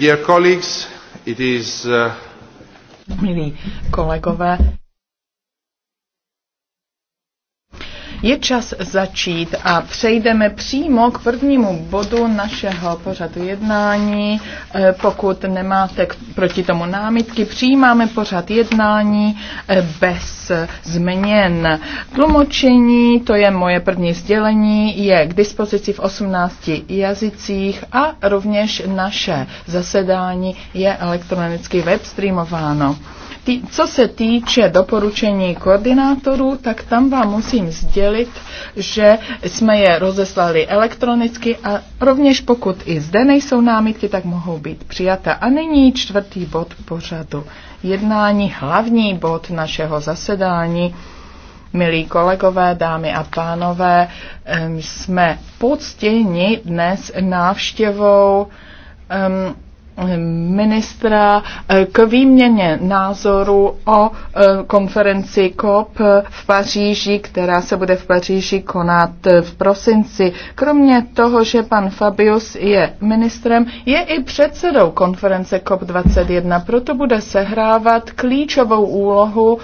Dear colleagues, it is, uh... Milí kolegové, Je čas začít a přejdeme přímo k prvnímu bodu našeho pořadu jednání. Eh, pokud nemáte proti tomu námitky, přijímáme pořad jednání eh, bez změn. Tlumočení, to je moje první sdělení, je k dispozici v 18 jazycích a rovněž naše zasedání je elektronicky webstreamováno. Tý, co se týče doporučení koordinátorů, tak tam vám musím sdělit, že jsme je rozeslali elektronicky a rovněž pokud i zde nejsou námitky, tak mohou být přijata. A nyní čtvrtý bod pořadu. Jednání, hlavní bod našeho zasedání. Milí kolegové, dámy a pánové, jsme poctěni dnes návštěvou um, ministra eh, k výměně názoru o eh, konferenci COP v Paříži, která se bude v Paříži konat eh, v prosinci. Kromě toho, že pan Fabius je ministrem, je i předsedou konference COP21, proto bude sehrávat klíčovou úlohu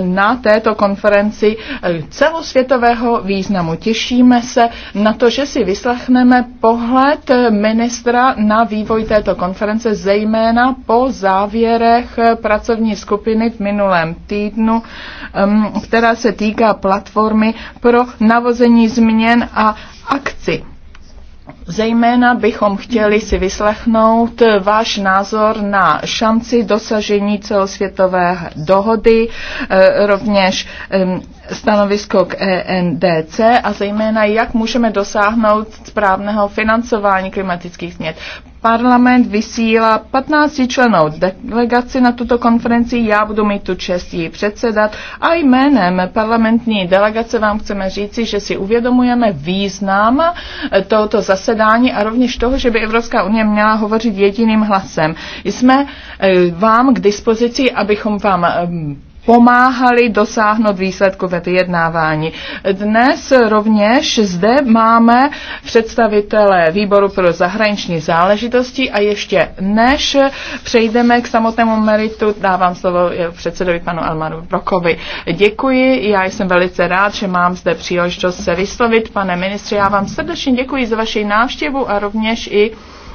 na této konferenci celosvětového významu. Těšíme se na to, že si vyslechneme pohled ministra na vývoj této konference konference, zejména po závěrech pracovní skupiny v minulém týdnu, která se týká platformy pro navození změn a akci. Zejména bychom chtěli si vyslechnout váš názor na šanci dosažení celosvětové dohody, eh, rovněž stanovisko k ENDC a zejména jak můžeme dosáhnout správného financování klimatických změn parlament vysílá 15 členů delegaci na tuto konferenci. Já budu mít tu čest ji předsedat a jménem parlamentní delegace vám chceme říci, že si uvědomujeme význam tohoto zasedání a rovněž toho, že by Evropská unie měla hovořit jediným hlasem. Jsme eh, vám k dispozici, abychom vám eh, pomáhali dosáhnout výsledku ve vyjednávání. Dnes rovněž zde máme představitele výboru pro zahraniční záležitosti a ještě než přejdeme k samotnému meritu, dávám slovo eh, předsedovi panu Almaru Brokovi. Děkuji, já jsem velice rád, že mám zde příležitost se vyslovit. Pane ministře, já vám srdečně děkuji za vaši návštěvu a rovněž i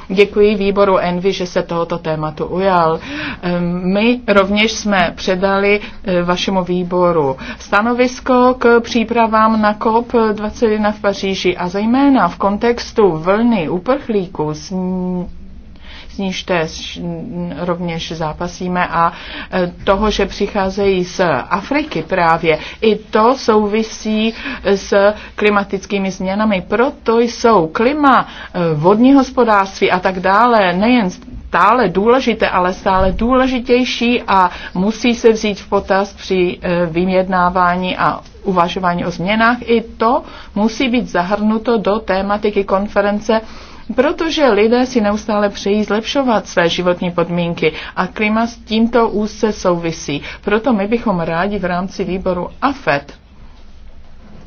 Děkuji výboru Envy, že se tohoto tématu ujal. Ehm, my rovněž jsme předali eh, vašemu výboru stanovisko k přípravám na COP21 v Paříži a zejména v kontextu vlny uprchlíků, s níž rovněž zápasíme a e, toho, že přicházejí z Afriky právě, i to souvisí s klimatickými změnami. Proto jsou klima, e, vodní hospodářství a tak dále nejen stále důležité, ale stále důležitější a musí se vzít v potaz při e, vyjednávání a uvažování o změnách. I to musí být zahrnuto do tématiky konference protože lidé si neustále přejí zlepšovat své životní podmínky a klima s tímto úzce souvisí. Proto my bychom rádi v rámci výboru AFET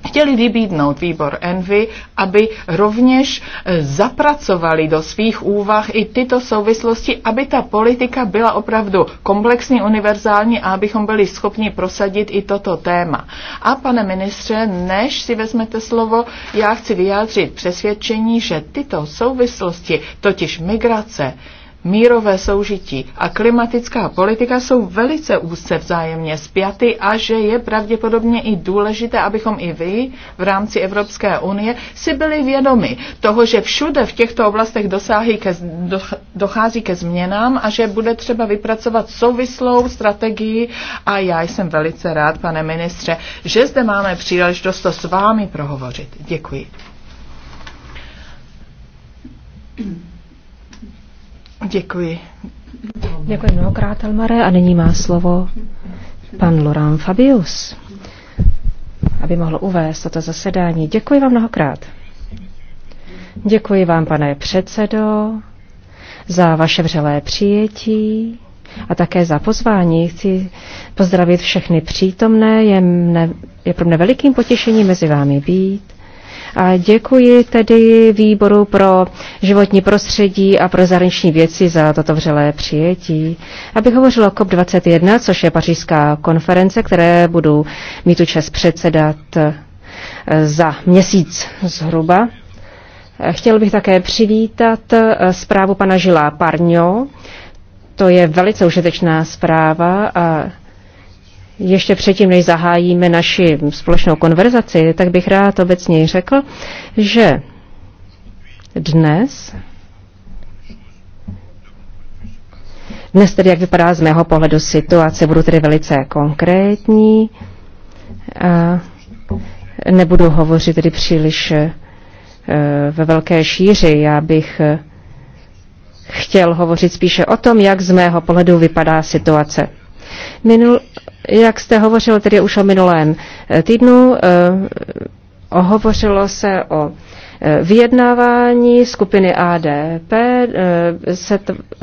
chtěli vybídnout výbor Envy, aby rovněž eh, zapracovali do svých úvah i tyto souvislosti, aby ta politika byla opravdu komplexní, univerzální a abychom byli schopni prosadit i toto téma. A pane ministře, než si vezmete slovo, já chci vyjádřit přesvědčení, že tyto souvislosti, totiž migrace, mírové soužití a klimatická politika jsou velice úzce vzájemně spjaty a že je pravděpodobně i důležité, abychom i vy v rámci Evropské unie si byli vědomi toho, že všude v těchto oblastech dosáhy ke, dochází ke změnám a že bude třeba vypracovat souvislou strategii a já jsem velice rád, pane ministře, že zde máme příležitost to s vámi prohovořit. Děkuji. Mm-hmm. Děkuji. Děkuji mnohokrát, Almare, A nyní má slovo pan Loran Fabius, aby mohl uvést toto zasedání. Děkuji vám mnohokrát. Děkuji vám, pane předsedo, za vaše vřelé přijetí a také za pozvání. Chci pozdravit všechny přítomné. Je, mne, je pro mne velikým potěšením mezi vámi být a děkuji tedy výboru pro životní prostředí a pro zahraniční věci za toto vřelé přijetí. Abych hovořila o COP21, což je pařížská konference, které budu mít tu čas předsedat eh, za měsíc zhruba. Eh, chtěl bych také přivítat eh, zprávu pana Žilá Parňo. To je velice užitečná zpráva a ještě předtím, než zahájíme naši společnou konverzaci, tak bych rád obecně řekl, že dnes, dnes tedy jak vypadá z mého pohledu situace, budu tedy velice konkrétní, a nebudu hovořit tedy příliš eh, ve velké šíři, já bych eh, chtěl hovořit spíše o tom, jak z mého pohledu vypadá situace. Minul, jak jste hovořil tedy už o minulém eh, týdnu, eh, hovořilo se o eh, vyjednávání skupiny ADP,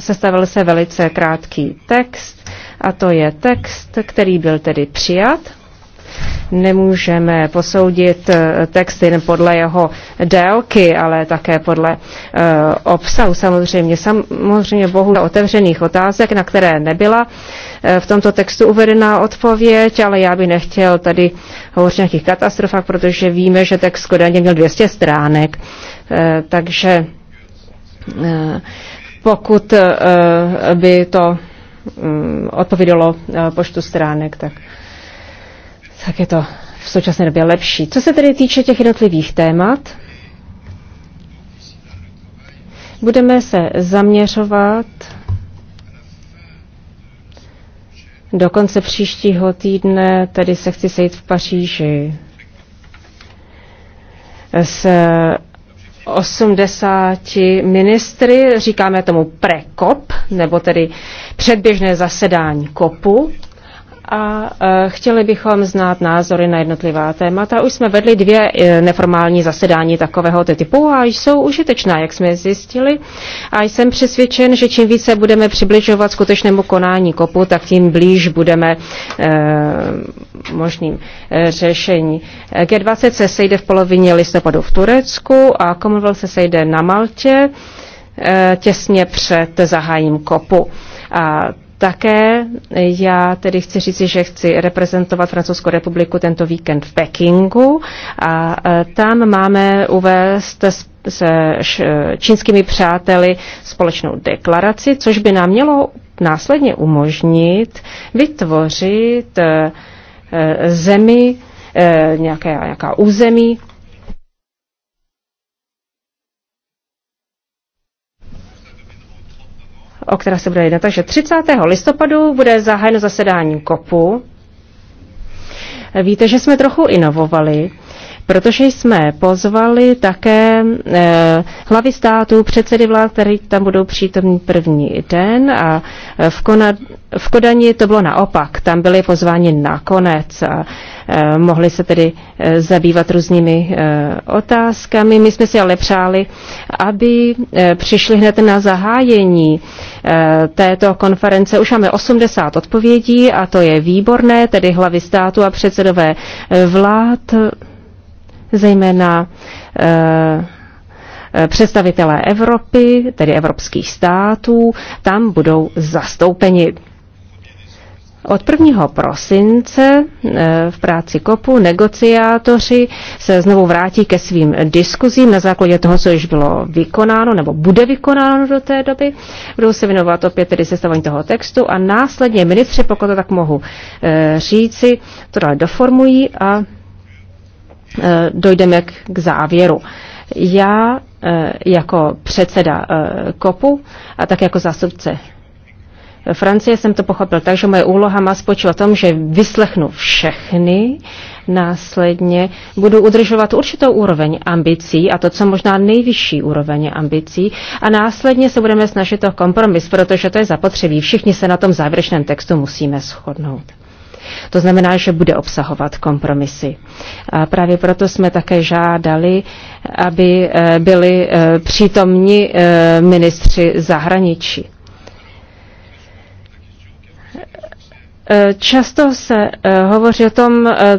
sestavil se velice krátký text, a to je text, který byl tedy přijat Nemůžeme posoudit eh, text jen podle jeho délky, ale také podle uh, obsahu samozřejmě. Samozřejmě bohužel otevřených otázek, na které nebyla eh, v tomto textu uvedená odpověď, ale já bych nechtěl tady hovořit o nějakých katastrofách, protože víme, že text Kodaně měl 200 stránek. Uh, takže uh, pokud by to mm, odpovídalo počtu stránek, tak tak je to v současné době lepší. Co se tedy týče těch jednotlivých témat, budeme se zaměřovat do konce příštího týdne, tedy se chci sejít v Paříži s 80 ministry, říkáme tomu prekop, nebo tedy předběžné zasedání kopu, a e, chtěli bychom znát názory na jednotlivá témata. Už jsme vedli dvě e, neformální zasedání takového typu a jsou užitečná, jak jsme zjistili. A jsem přesvědčen, že čím více budeme přibližovat skutečnému konání kopu, tak tím blíž budeme e, možným řešení. G20 se sejde v polovině listopadu v Turecku a Commonwealth se sejde na Maltě těsně před zahájím kopu. A také já tedy chci říci, že chci reprezentovat Francouzskou republiku tento víkend v Pekingu a e, tam máme uvést se e, čínskými přáteli společnou deklaraci, což by nám mělo následně umožnit vytvořit e, zemi, nějaké, nějaká území, o které se bude jednat. Takže 30. listopadu bude zahájeno zasedání KOPu. Víte, že jsme trochu inovovali protože jsme pozvali také eh, hlavy států, předsedy vlád, který tam budou přítomní první den a eh, v, Kona, v Kodani to bylo naopak, tam byli pozváni nakonec a eh, mohli se tedy zabývat různými otázkami. My jsme si ale přáli, aby přišli hned na zahájení této konference. Už máme 80 odpovědí a to je výborné, tedy hlavy státu a předsedové vlád zejména eh, eh, představitelé Evropy, tedy evropských států, tam budou zastoupeni. Od 1. prosince eh, v práci kopu negociátoři se znovu vrátí ke svým diskuzím na základě toho, co již bylo vykonáno nebo bude vykonáno do té doby. Budou se věnovat opět tedy sestavení toho textu a následně ministři, pokud to tak mohu říci, to dále doformují a Eh, dojdeme k závěru. Já eh, jako předseda eh, KOPu a tak jako zásupce Francie jsem to pochopil tak, že moje úloha má spočívat v tom, že vyslechnu všechny, následně budu udržovat určitou úroveň ambicí a to, co možná nejvyšší úroveň ambicí a následně se budeme snažit o kompromis, protože to je zapotřebí. Všichni se na tom závěrečném textu musíme shodnout. To znamená, že bude obsahovat kompromisy. A právě proto jsme také žádali, aby eh, byli eh, přítomni eh, ministři zahraničí. Často se hovoří o tom,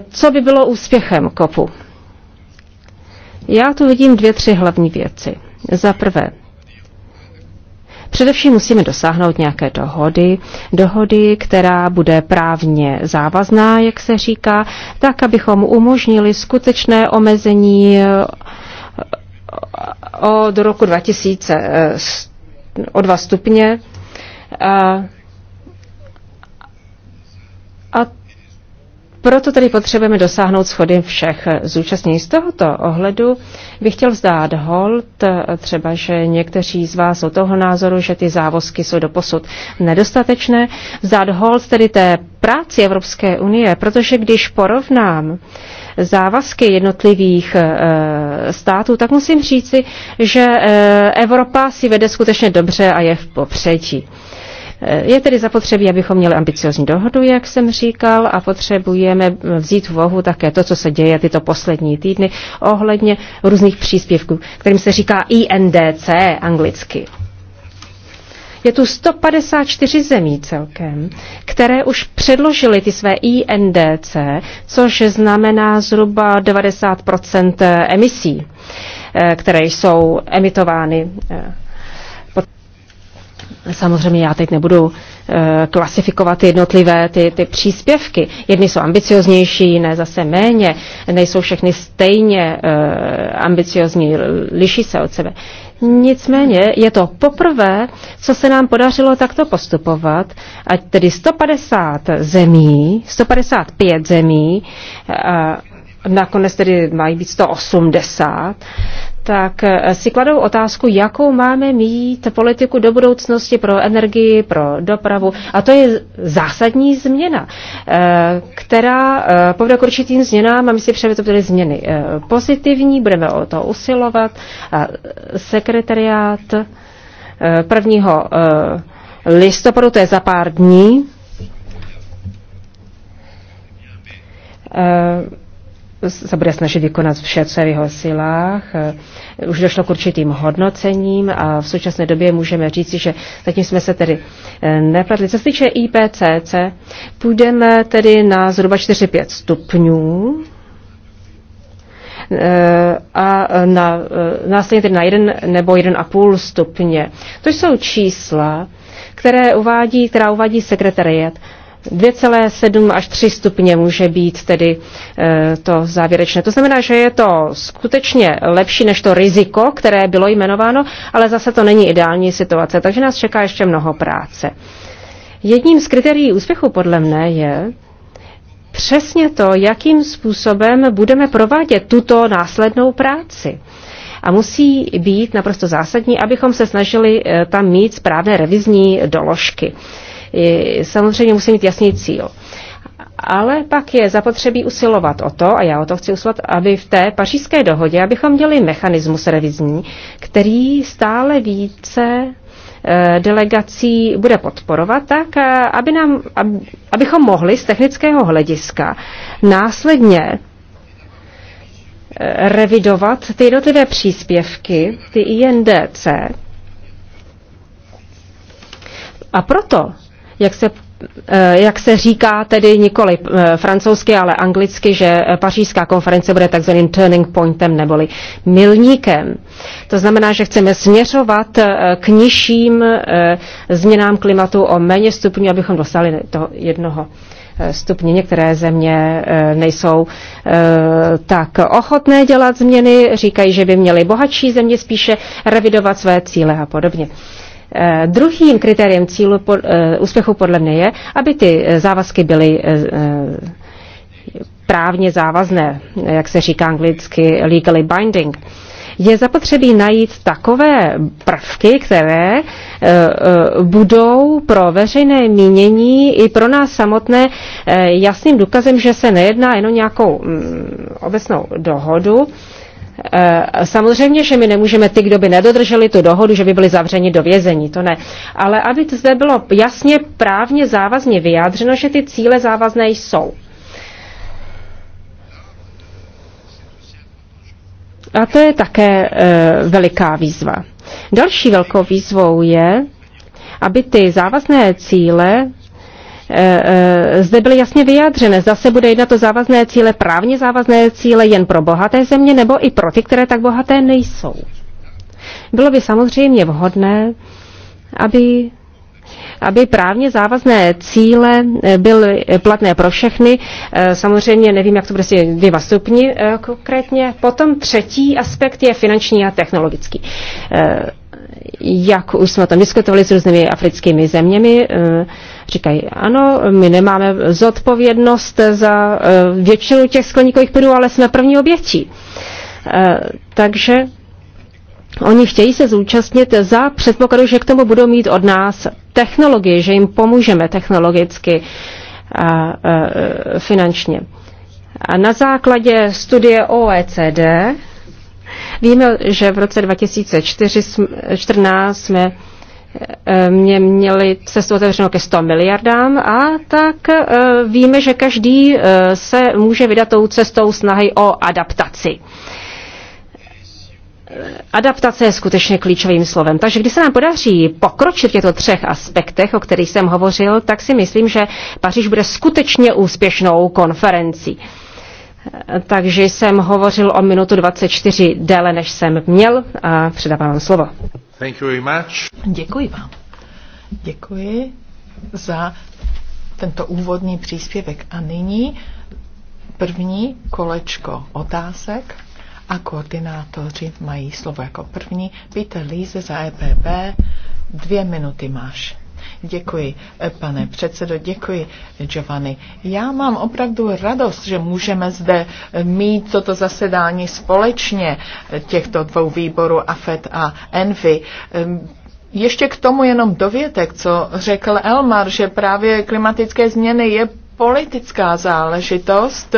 co by bylo úspěchem kopu. Já tu vidím dvě, tři hlavní věci. Za prvé, Především musíme dosáhnout nějaké dohody, dohody, která bude právně závazná, jak se říká, tak, abychom umožnili skutečné omezení eh, od roku 2000 eh, o dva stupně. Proto tedy potřebujeme dosáhnout schody všech zúčastnění. Z tohoto ohledu bych chtěl vzdát hold, třeba, že někteří z vás jsou toho názoru, že ty závozky jsou doposud nedostatečné, vzdát hold tedy té práci Evropské unie, protože když porovnám závazky jednotlivých eh, států, tak musím říci, že eh, Evropa si vede skutečně dobře a je v popředí. Je tedy zapotřebí, abychom měli ambiciozní dohodu, jak jsem říkal, a potřebujeme vzít v úvahu také to, co se děje tyto poslední týdny ohledně různých příspěvků, kterým se říká INDC anglicky. Je tu 154 zemí celkem, které už předložily ty své INDC, což znamená zhruba 90 emisí, eh, které jsou emitovány eh, Samozřejmě já teď nebudu e, klasifikovat jednotlivé ty, ty příspěvky. Jedny jsou ambicioznější, jiné zase méně, nejsou všechny stejně e, ambiciozní, liší se od sebe. Nicméně je to poprvé, co se nám podařilo takto postupovat, ať tedy 150 zemí, 155 zemí, e, nakonec tedy mají být 180, tak eh, si kladou otázku, jakou máme mít politiku do budoucnosti pro energii, pro dopravu. A to je zásadní změna, eh, která eh, povede k určitým změnám a my si přejeme, to byly změny pozitivní, budeme o to usilovat. Sekretariát prvního listopadu, to je za pár dní, se bude snažit vykonat vše, co je v jeho silách. Už došlo k určitým hodnocením a v současné době můžeme říci, že zatím jsme se tedy eh, nepletli. Co se týče IPCC, půjdeme tedy na zhruba 4-5 stupňů eh, a na, eh, následně tedy na 1 nebo 1,5 stupně. To jsou čísla, které uvádí, která uvádí sekretariat 2,7 až 3 stupně může být tedy eh, to závěrečné. To znamená, že je to skutečně lepší než to riziko, které bylo jmenováno, ale zase to není ideální situace, takže nás čeká ještě mnoho práce. Jedním z kritérií úspěchu podle mne je přesně to, jakým způsobem budeme provádět tuto následnou práci. A musí být naprosto zásadní, abychom se snažili eh, tam mít správné revizní doložky samozřejmě musí mít jasný cíl. Ale pak je zapotřebí usilovat o to, a já o to chci usilovat, aby v té pařížské dohodě, abychom měli mechanismus revizní, který stále více eh, delegací bude podporovat, tak eh, aby nám, aby, abychom mohli z technického hlediska následně eh, revidovat ty jednotlivé příspěvky, ty INDC. A proto jak se, eh, jak se říká tedy nikoli eh, francouzsky, ale anglicky, že eh, pařížská konference bude takzvaným turning pointem neboli milníkem. To znamená, že chceme směřovat k nižším změnám klimatu o méně stupňů, abychom dostali toho jednoho stupně. Některé země nejsou tak ochotné dělat změny, říkají, že by měly bohatší země spíše revidovat své cíle a podobně. Eh, druhým kritériem cílu pod, eh, úspěchu podle mě je, aby ty eh, závazky byly právně závazné, jak se říká anglicky legally binding. Je zapotřebí najít takové prvky, které budou pro veřejné mínění i pro nás samotné jasným důkazem, že se nejedná jenom nějakou mm, obecnou dohodu, Eh, samozřejmě, že my nemůžeme ty, kdo by nedodrželi tu dohodu, že by byli zavřeni do vězení, to ne. Ale aby zde bylo jasně právně závazně vyjádřeno, že ty cíle závazné jsou. A to je také e, veliká výzva. Další velkou výzvou je, aby ty závazné cíle Eh, eh, zde byly jasně vyjádřené. Zase bude jednat o závazné cíle, právně závazné cíle jen pro bohaté země nebo i pro ty, které tak bohaté nejsou. Bylo by samozřejmě vhodné, aby aby právně závazné cíle eh, byly platné pro všechny. Samozřejmě nevím, jak to bude si dvěma stupni konkrétně. Potom třetí aspekt je finanční a technologický. Jak už jsme o tom diskutovali s různými africkými zeměmi, Říkají, ano, my nemáme zodpovědnost za e, většinu těch skleníkových plynů, ale jsme první obětí. E, takže Oni chtějí se zúčastnit za předpokladu, že k tomu budou mít od nás technologie, že jim pomůžeme technologicky a, a e, finančně. A na základě studie OECD víme, že v roce 2014 jsme Eh, mě měli cestu otevřenou ke 100 miliardám a tak eh, víme, že každý eh, se může vydat tou cestou snahy o adaptaci. Adaptace je skutečně klíčovým slovem. Takže když se nám podaří pokročit v těchto třech aspektech, o kterých jsem hovořil, tak si myslím, že Paříž bude skutečně úspěšnou konferencí takže jsem hovořil o minutu 24 déle, než jsem měl a předávám vám slovo. Thank you very much. Děkuji vám. Děkuji za tento úvodní příspěvek. A nyní první kolečko otázek a koordinátoři mají slovo jako první. Peter Líze za EPP, dvě minuty máš. Děkuji, eh, pane předsedo, děkuji, Giovanni. Já mám opravdu radost, že můžeme zde eh, mít toto zasedání společně eh, těchto dvou výborů, AFET a ENVY. Ehm, ještě k tomu jenom dovětek, co řekl Elmar, že právě klimatické změny je politická záležitost.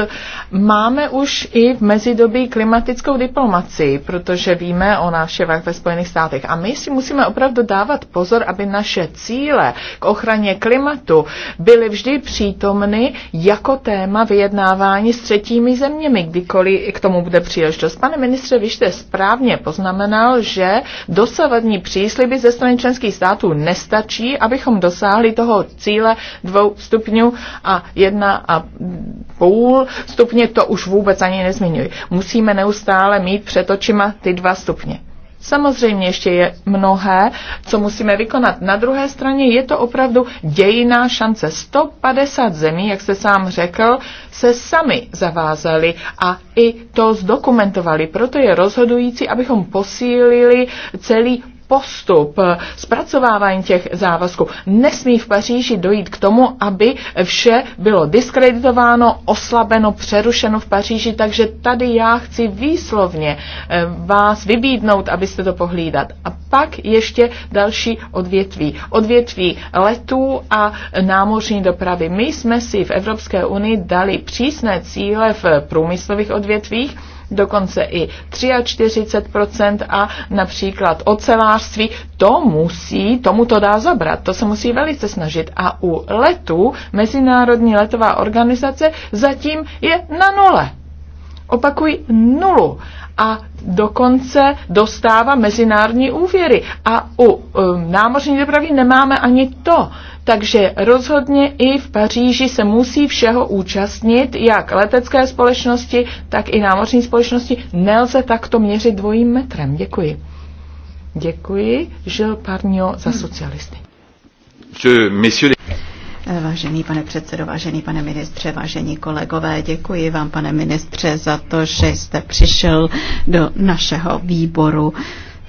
Máme už i v mezidobí klimatickou diplomacii, protože víme o návštěvách ve Spojených státech. A my si musíme opravdu dávat pozor, aby naše cíle k ochraně klimatu byly vždy přítomny jako téma vyjednávání s třetími zeměmi, kdykoliv k tomu bude příležitost. Pane ministře, vy jste správně poznamenal, že dosavadní přísliby ze strany členských států nestačí, abychom dosáhli toho cíle dvou stupňů a jedna a půl stupně, to už vůbec ani nezmiňuji. Musíme neustále mít před očima ty dva stupně. Samozřejmě ještě je mnohé, co musíme vykonat. Na druhé straně je to opravdu dějiná šance. 150 zemí, jak jste sám řekl, se sami zavázali a i to zdokumentovali. Proto je rozhodující, abychom posílili celý postup zpracovávání těch závazků. Nesmí v Paříži dojít k tomu, aby vše bylo diskreditováno, oslabeno, přerušeno v Paříži, takže tady já chci výslovně eh, vás vybídnout, abyste to pohlídat. A pak ještě další odvětví. Odvětví letů a námořní dopravy. My jsme si v Evropské unii dali přísné cíle v průmyslových odvětvích, dokonce i 43% a například ocelářství, to musí, tomu to dá zabrat, to se musí velice snažit. A u letů Mezinárodní letová organizace zatím je na nule. Opakuj nulu. A dokonce dostává mezinárodní úvěry. A u um, námořní dopravy nemáme ani to. Takže rozhodně i v Paříži se musí všeho účastnit, jak letecké společnosti, tak i námořní společnosti. Nelze takto měřit dvojím metrem. Děkuji. Děkuji, Žil Parnio za hmm. socialisty. Vážený pane předsedo, vážený pane ministře, vážení kolegové, děkuji vám, pane ministře, za to, že jste přišel do našeho výboru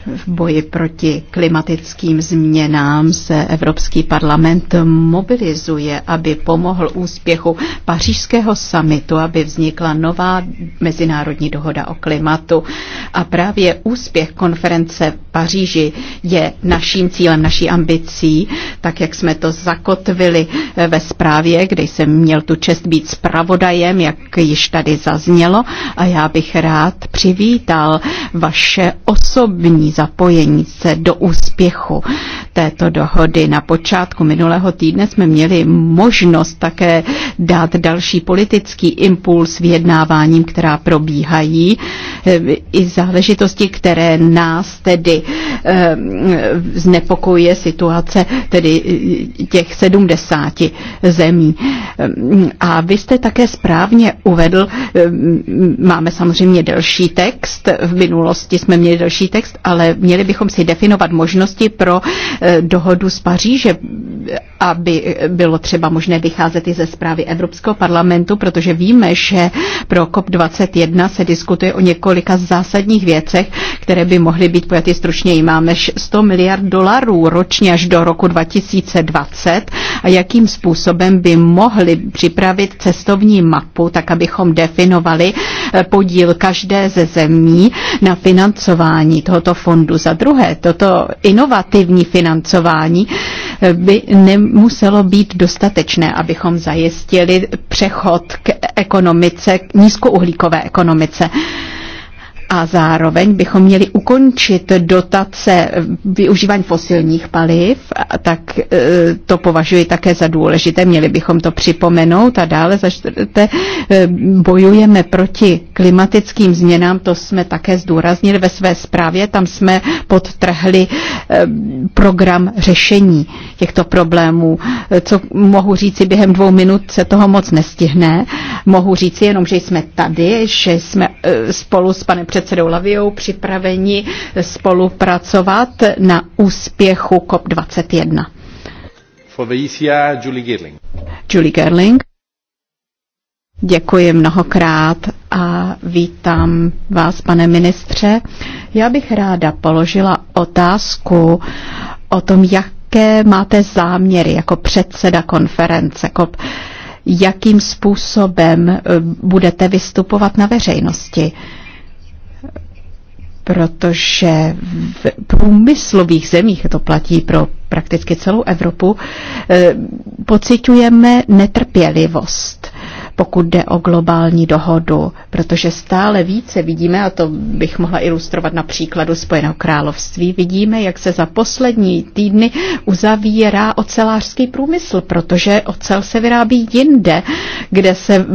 v boji proti klimatickým změnám se Evropský parlament mobilizuje, aby pomohl úspěchu pařížského samitu, aby vznikla nová mezinárodní dohoda o klimatu. A právě úspěch konference v Paříži je naším cílem, naší ambicí tak jak jsme to zakotvili eh, ve zprávě, kde jsem měl tu čest být zpravodajem, jak již tady zaznělo. A já bych rád přivítal vaše osobní zapojení se do úspěchu této dohody. Na počátku minulého týdne jsme měli možnost také dát další politický impuls vyjednáváním, která probíhají, eh, i záležitosti, které nás tedy eh, znepokojuje situace tedy eh, těch 70 zemí. A vy jste také správně uvedl, máme samozřejmě delší text, v minulosti jsme měli delší text, ale měli bychom si definovat možnosti pro Eh, dohodu z Paříže aby bylo třeba možné vycházet i ze zprávy Evropského parlamentu, protože víme, že pro COP21 se diskutuje o několika zásadních věcech, které by mohly být pojaty stručněji. Máme 100 miliard dolarů ročně až do roku 2020 a jakým způsobem by mohli připravit cestovní mapu, tak abychom definovali eh, podíl každé ze zemí na financování tohoto fondu. Za druhé, toto inovativní financování by nemuselo být dostatečné, abychom zajistili přechod k ekonomice, k nízkouhlíkové ekonomice a zároveň bychom měli ukončit dotace využívání fosilních paliv, tak e, to považuji také za důležité, měli bychom to připomenout a dále za čtvrté e, bojujeme proti klimatickým změnám, to jsme také zdůraznili ve své zprávě, tam jsme podtrhli e, program řešení těchto problémů. Co mohu říci během dvou minut, se toho moc nestihne. Mohu říci jenom, že jsme tady, že jsme spolu s panem předsedou předsedou Laviou připraveni spolupracovat na úspěchu COP21. For the ECR, Julie Gerling. Julie Gerling. Děkuji mnohokrát a vítám vás, pane ministře. Já bych ráda položila otázku o tom, jaké máte záměry jako předseda konference COP. Jakým způsobem eh, budete vystupovat na veřejnosti? protože v průmyslových zemích, to platí pro prakticky celou Evropu, eh, pocitujeme netrpělivost pokud jde o globální dohodu, protože stále více vidíme, a to bych mohla ilustrovat na příkladu Spojeného království, vidíme, jak se za poslední týdny uzavírá ocelářský průmysl, protože ocel se vyrábí jinde, kde se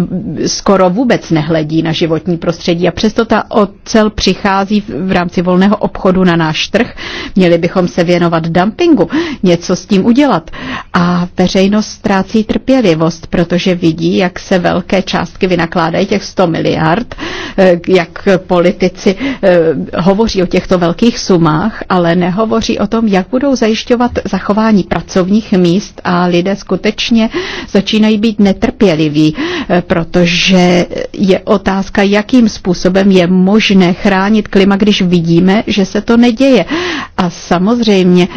skoro vůbec nehledí na životní prostředí a přesto ta ocel přichází v rámci volného obchodu na náš trh. Měli bychom se věnovat dumpingu, něco s tím udělat. A veřejnost ztrácí trpělivost, protože vidí, jak se velké částky vynakládají, těch 100 miliard, eh, jak politici eh, hovoří o těchto velkých sumách, ale nehovoří o tom, jak budou zajišťovat zachování pracovních míst a lidé skutečně začínají být netrpěliví, eh, protože je otázka, jakým způsobem je možné chránit klima, když vidíme, že se to neděje. A samozřejmě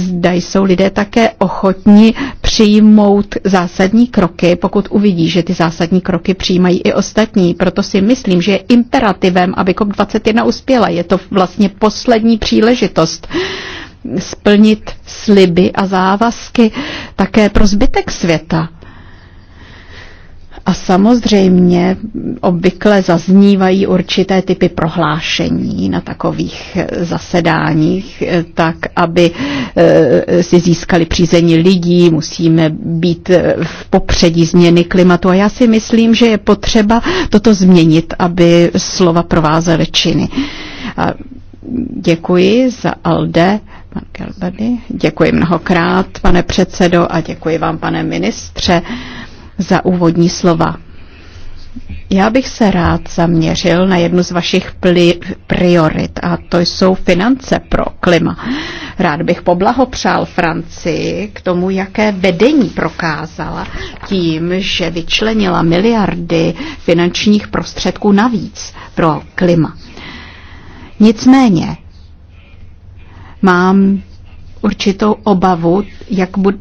zda jsou lidé také ochotní přijmout zásadní kroky, pokud uvidí, že ty zásadní kroky přijímají i ostatní. Proto si myslím, že je imperativem, aby COP21 uspěla. Je to vlastně poslední příležitost splnit sliby a závazky také pro zbytek světa. A samozřejmě obvykle zaznívají určité typy prohlášení na takových eh, zasedáních, eh, tak aby eh, si získali přízení lidí, musíme být v popředí změny klimatu. A já si myslím, že je potřeba toto změnit, aby slova provázely činy. A děkuji za Alde. Pan děkuji mnohokrát, pane předsedo, a děkuji vám, pane ministře za úvodní slova. Já bych se rád zaměřil na jednu z vašich priorit a to jsou finance pro klima. Rád bych poblahopřál Francii k tomu, jaké vedení prokázala tím, že vyčlenila miliardy finančních prostředků navíc pro klima. Nicméně mám určitou obavu, jak bude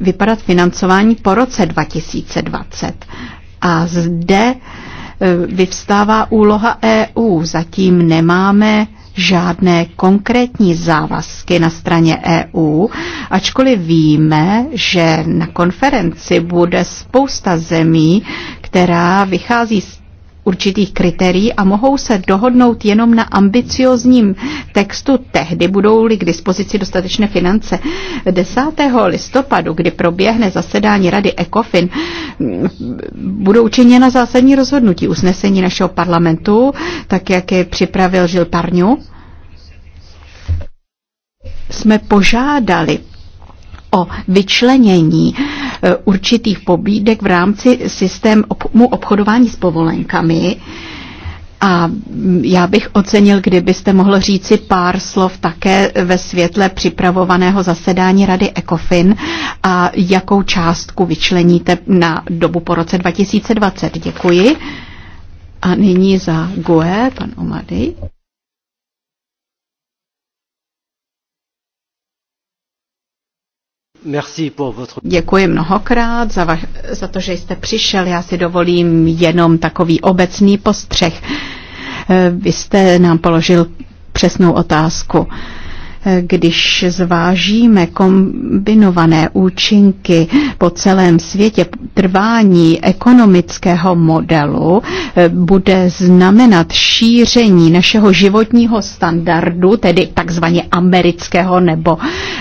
vypadat financování po roce 2020. A zde e, vyvstává úloha EU. Zatím nemáme žádné konkrétní závazky na straně EU, ačkoliv víme, že na konferenci bude spousta zemí, která vychází z určitých kritérií a mohou se dohodnout jenom na ambiciozním textu tehdy, budou-li k dispozici dostatečné finance. 10. listopadu, kdy proběhne zasedání Rady ECOFIN, budou učiněna zásadní rozhodnutí usnesení našeho parlamentu, tak jak je připravil Žil Parňu. Jsme požádali o vyčlenění eh, určitých pobídek v rámci systému obchodování s povolenkami. A mm, já bych ocenil, kdybyste mohl říci pár slov také ve světle připravovaného zasedání Rady ECOFIN a jakou částku vyčleníte na dobu po roce 2020. Děkuji. A nyní za GUE, pan Omady. Děkuji mnohokrát za, vaš, za to, že jste přišel. Já si dovolím jenom takový obecný postřeh. Eh, vy jste nám položil přesnou otázku. Když zvážíme kombinované účinky po celém světě trvání ekonomického modelu, eh, bude znamenat šíření našeho životního standardu, tedy takzvaně amerického nebo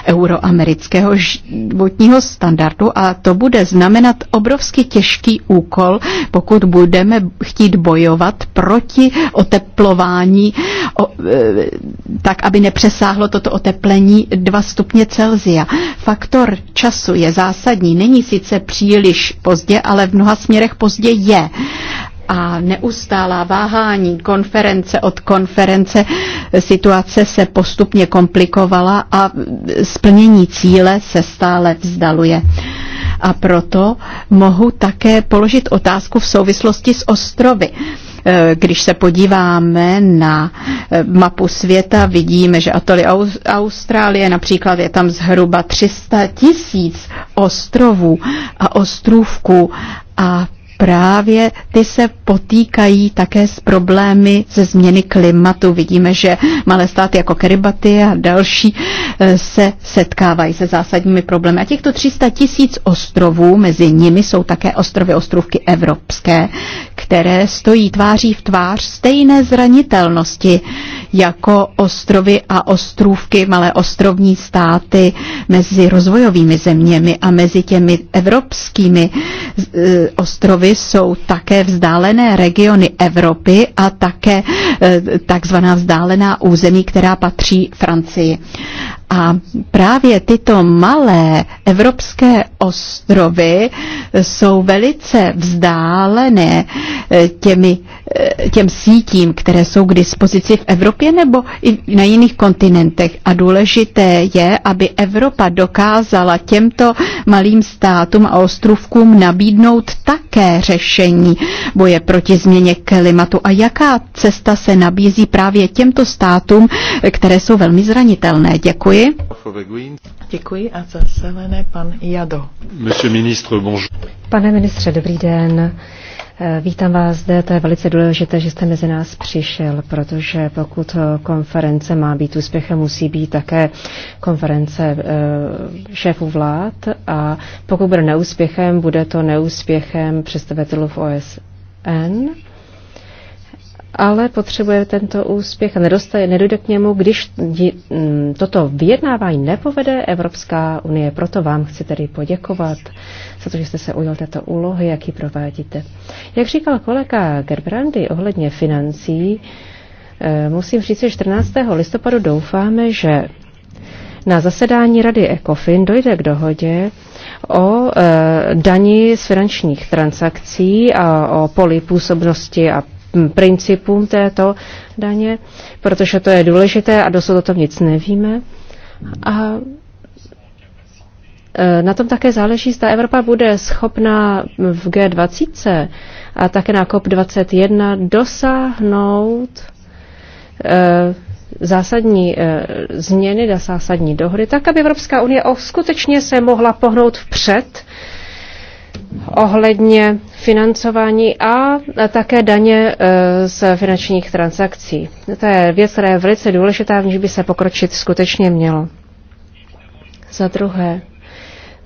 euroamerického životního standardu a to bude znamenat obrovsky těžký úkol, pokud budeme chtít bojovat proti oteplování, o, eh, tak aby nepřesáhlo toto oteplení 2 stupně Celzia. Faktor času je zásadní. Není sice příliš pozdě, ale v mnoha směrech pozdě je a neustálá váhání konference od konference situace se postupně komplikovala a splnění cíle se stále vzdaluje. A proto mohu také položit otázku v souvislosti s ostrovy. Eh, Eh, když se podíváme na eh, mapu světa, vidíme, že atoly Austrálie například je tam zhruba 300 tisíc ostrovů a ostrůvků a právě ty se potýkají také s problémy ze změny klimatu. Vidíme, že malé státy jako Kiribati a další eh, se setkávají se zásadními problémy. A těchto 300 tisíc ostrovů, mezi nimi jsou také ostrovy, ostrovky evropské, které stojí tváří v tvář stejné zranitelnosti jako ostrovy a ostrůvky, malé ostrovní státy mezi rozvojovými zeměmi a mezi těmi evropskými eh, ostrovy Sahely jsou také vzdálené regiony Evropy a také eh, takzvaná vzdálená území, která patří Francii. A právě tyto malé evropské ostrovy jsou velice vzdálené eh, těmi, eh, těm sítím, které jsou k dispozici v Evropě nebo i na jiných kontinentech. A důležité je, aby Evropa dokázala těmto malým státům a ostrovkům nabídnout také řešení boje proti změně klimatu. A jaká cesta se nabízí právě těmto státům, které jsou velmi zranitelné? Děkuji. Děkuji. Děkuji a za zelené pan Jado. Pane ministře, dobrý den. Eh, vítám vás zde, to je velice důležité, že jste mezi nás přišel, protože pokud konference má být úspěchem, musí být také konference eh, šéfů vlád a pokud bude neúspěchem, bude to neúspěchem představitelů v OSN ale potřebuje tento úspěch a nedostaje, nedojde k němu, když mm, toto vyjednávání nepovede Evropská unie. Proto vám chci tedy poděkovat za to, že jste se ujel této úlohy, jak ji provádíte. Jak říkal kolega Gerbrandy ohledně financí, eh, musím říct, že 14. listopadu doufáme, že na zasedání Rady ECOFIN dojde k dohodě o e, dani z finančních transakcí a o poli působnosti a principům této daně, protože to je důležité a dosud o tom nic nevíme. A e, na tom také záleží, zda Evropa bude schopna v G20 a také na COP21 dosáhnout e, zásadní e, změny, zásadní dohody, tak aby Evropská unie skutečně se mohla pohnout vpřed ohledně financování a také daně eh, z finančních transakcí. To je věc, která je velice důležitá, v níž by se pokročit skutečně mělo. Za druhé,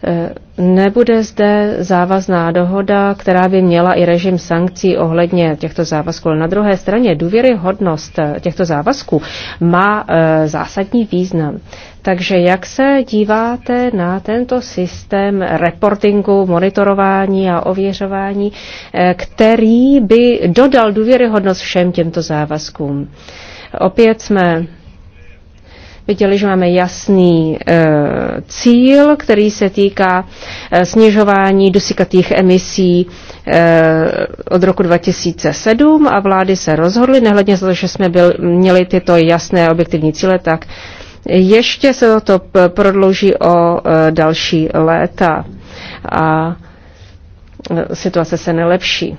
eh, nebude zde závazná dohoda, která by měla i režim sankcí ohledně těchto závazků. na druhé straně důvěryhodnost eh, těchto závazků má zásadní význam. Takže jak se díváte na tento systém reportingu, monitorování a ověřování, eh, který by dodal důvěryhodnost všem těmto závazkům? Opět jsme viděli, že máme jasný e, cíl, který se týká e, snižování dusikatých emisí e, od roku 2007 a vlády se rozhodly, nehledně za to, že jsme byl, měli tyto jasné objektivní cíle, tak ještě se to prodlouží o e, další léta a e, situace se nelepší.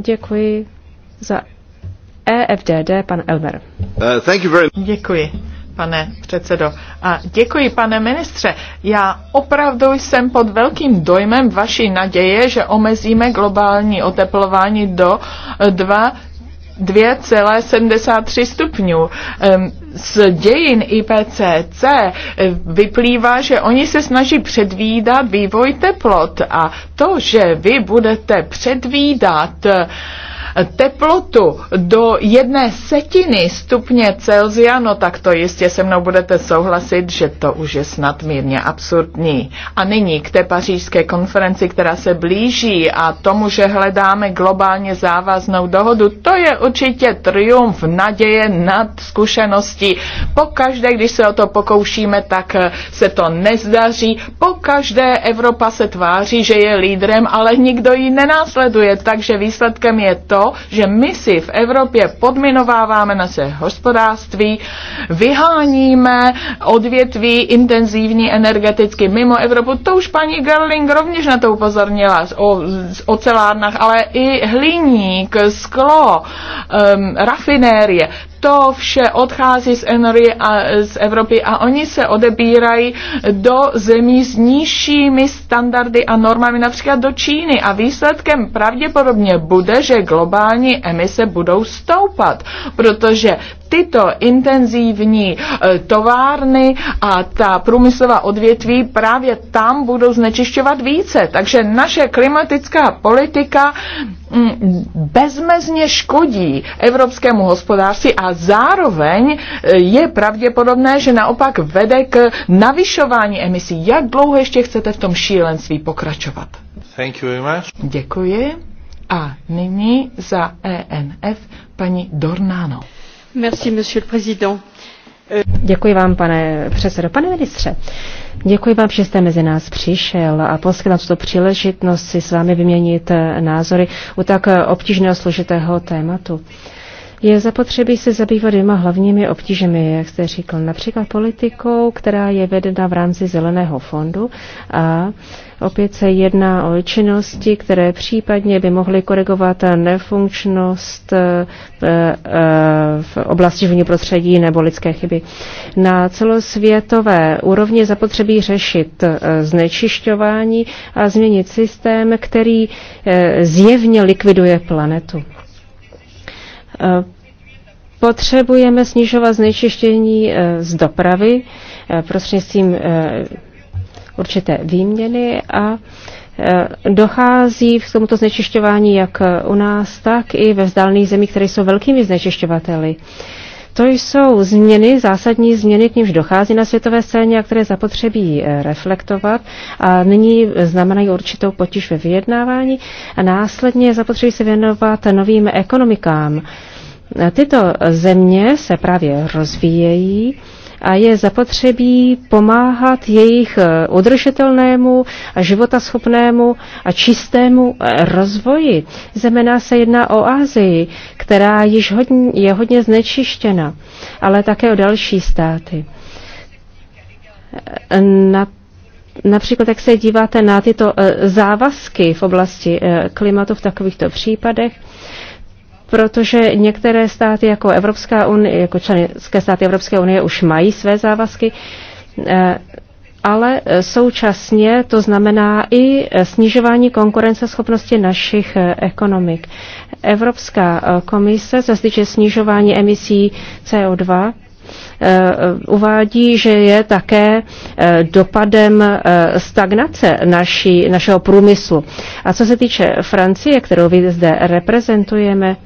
Děkuji za EFDD, pan Elmer. Uh, thank you very... Děkuji pane předsedo. A děkuji, pane ministře. Já opravdu jsem pod velkým dojmem vaší naděje, že omezíme globální oteplování do 2 e, 2,73 stupňů z dějin IPCC vyplývá, že oni se snaží předvídat vývoj teplot a to, že vy budete předvídat uh, teplotu do jedné setiny stupně Celzia, no tak to jistě se mnou budete souhlasit, že to už je snad mírně absurdní. A nyní k té pařížské konferenci, která se blíží a tomu, že hledáme globálně závaznou dohodu, to je určitě triumf naděje nad zkušeností. Pokaždé, když se o to pokoušíme, tak se to nezdaří. Pokaždé Evropa se tváří, že je lídrem, ale nikdo ji nenásleduje, takže výsledkem je to, to, že my si v Evropě podminováváme naše hospodářství, vyháníme odvětví intenzivní energeticky mimo Evropu. To už paní Gerling rovněž na to upozornila o ocelárnách, ale i hliník, sklo, um, rafinérie to vše odchází z, Enory a, z Evropy a oni se odebírají do zemí s nižšími standardy a normami, například do Číny. A výsledkem pravděpodobně bude, že globální emise budou stoupat, protože tyto intenzivní e, továrny a ta průmyslová odvětví právě tam budou znečišťovat více. Takže naše klimatická politika mm, bezmezně škodí evropskému hospodářství a zároveň e, je pravděpodobné, že naopak vede k navyšování emisí. Jak dlouho ještě chcete v tom šílenství pokračovat? Thank you very much. Děkuji. A nyní za ENF paní Dornáno. Děkuji vám, pane předsedo. Pane ministře, děkuji vám, že jste mezi nás přišel a poskytl tuto příležitost si s vámi vyměnit eh, názory u tak eh, obtížného složitého tématu. Je zapotřebí se zabývat dvěma hlavními obtížemi, jak jste říkal, například politikou, která je vedena v rámci Zeleného fondu a Opět se jedná o činnosti, které případně by mohly korigovat nefunkčnost eh, eh, v oblasti životního prostředí nebo lidské chyby. Na celosvětové úrovni zapotřebí řešit eh, znečišťování a změnit systém, který zjevně likviduje planetu. Potřebujeme snižovat znečištění z dopravy prostřednictvím určité výměny a e, dochází k tomuto znečišťování jak u nás, tak i ve vzdálených zemích, které jsou velkými znečišťovateli. To jsou změny, zásadní změny, k nímž dochází na světové scéně a které zapotřebí e, reflektovat a nyní znamenají určitou potíž ve vyjednávání a následně zapotřebí se věnovat novým ekonomikám. E, tyto země se právě rozvíjejí, a je zapotřebí pomáhat jejich eh, udržitelnému a životaschopnému a čistému eh, rozvoji. Zemena se jedná o Asii, která již hodně, je hodně znečištěna, ale také o další státy. Eh, na Například, jak se díváte na tyto závazky v oblasti klimatu v takovýchto případech, protože některé státy jako Evropská unie, jako členské státy Evropské unie už mají své závazky, eh, ale současně to znamená i snižování konkurenceschopnosti našich eh, ekonomik. Evropská eh, komise, se týče snižování emisí CO2, uvádí, že je také dopadem stagnace naší, našeho průmyslu. A co se týče Francie, kterou vy zde reprezentujeme,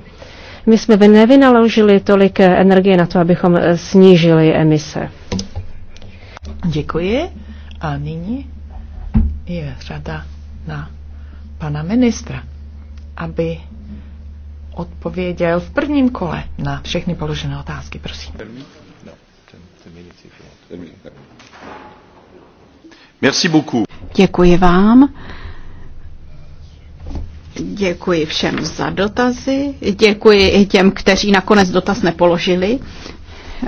my jsme by nevynaložili tolik eh, energie na to, abychom eh, snížili emise. Děkuji. A nyní je řada na pana ministra, aby odpověděl v prvním kole na všechny položené otázky, prosím. Merci beaucoup. Děkuji vám. Děkuji všem za dotazy, děkuji i těm, kteří nakonec dotaz nepoložili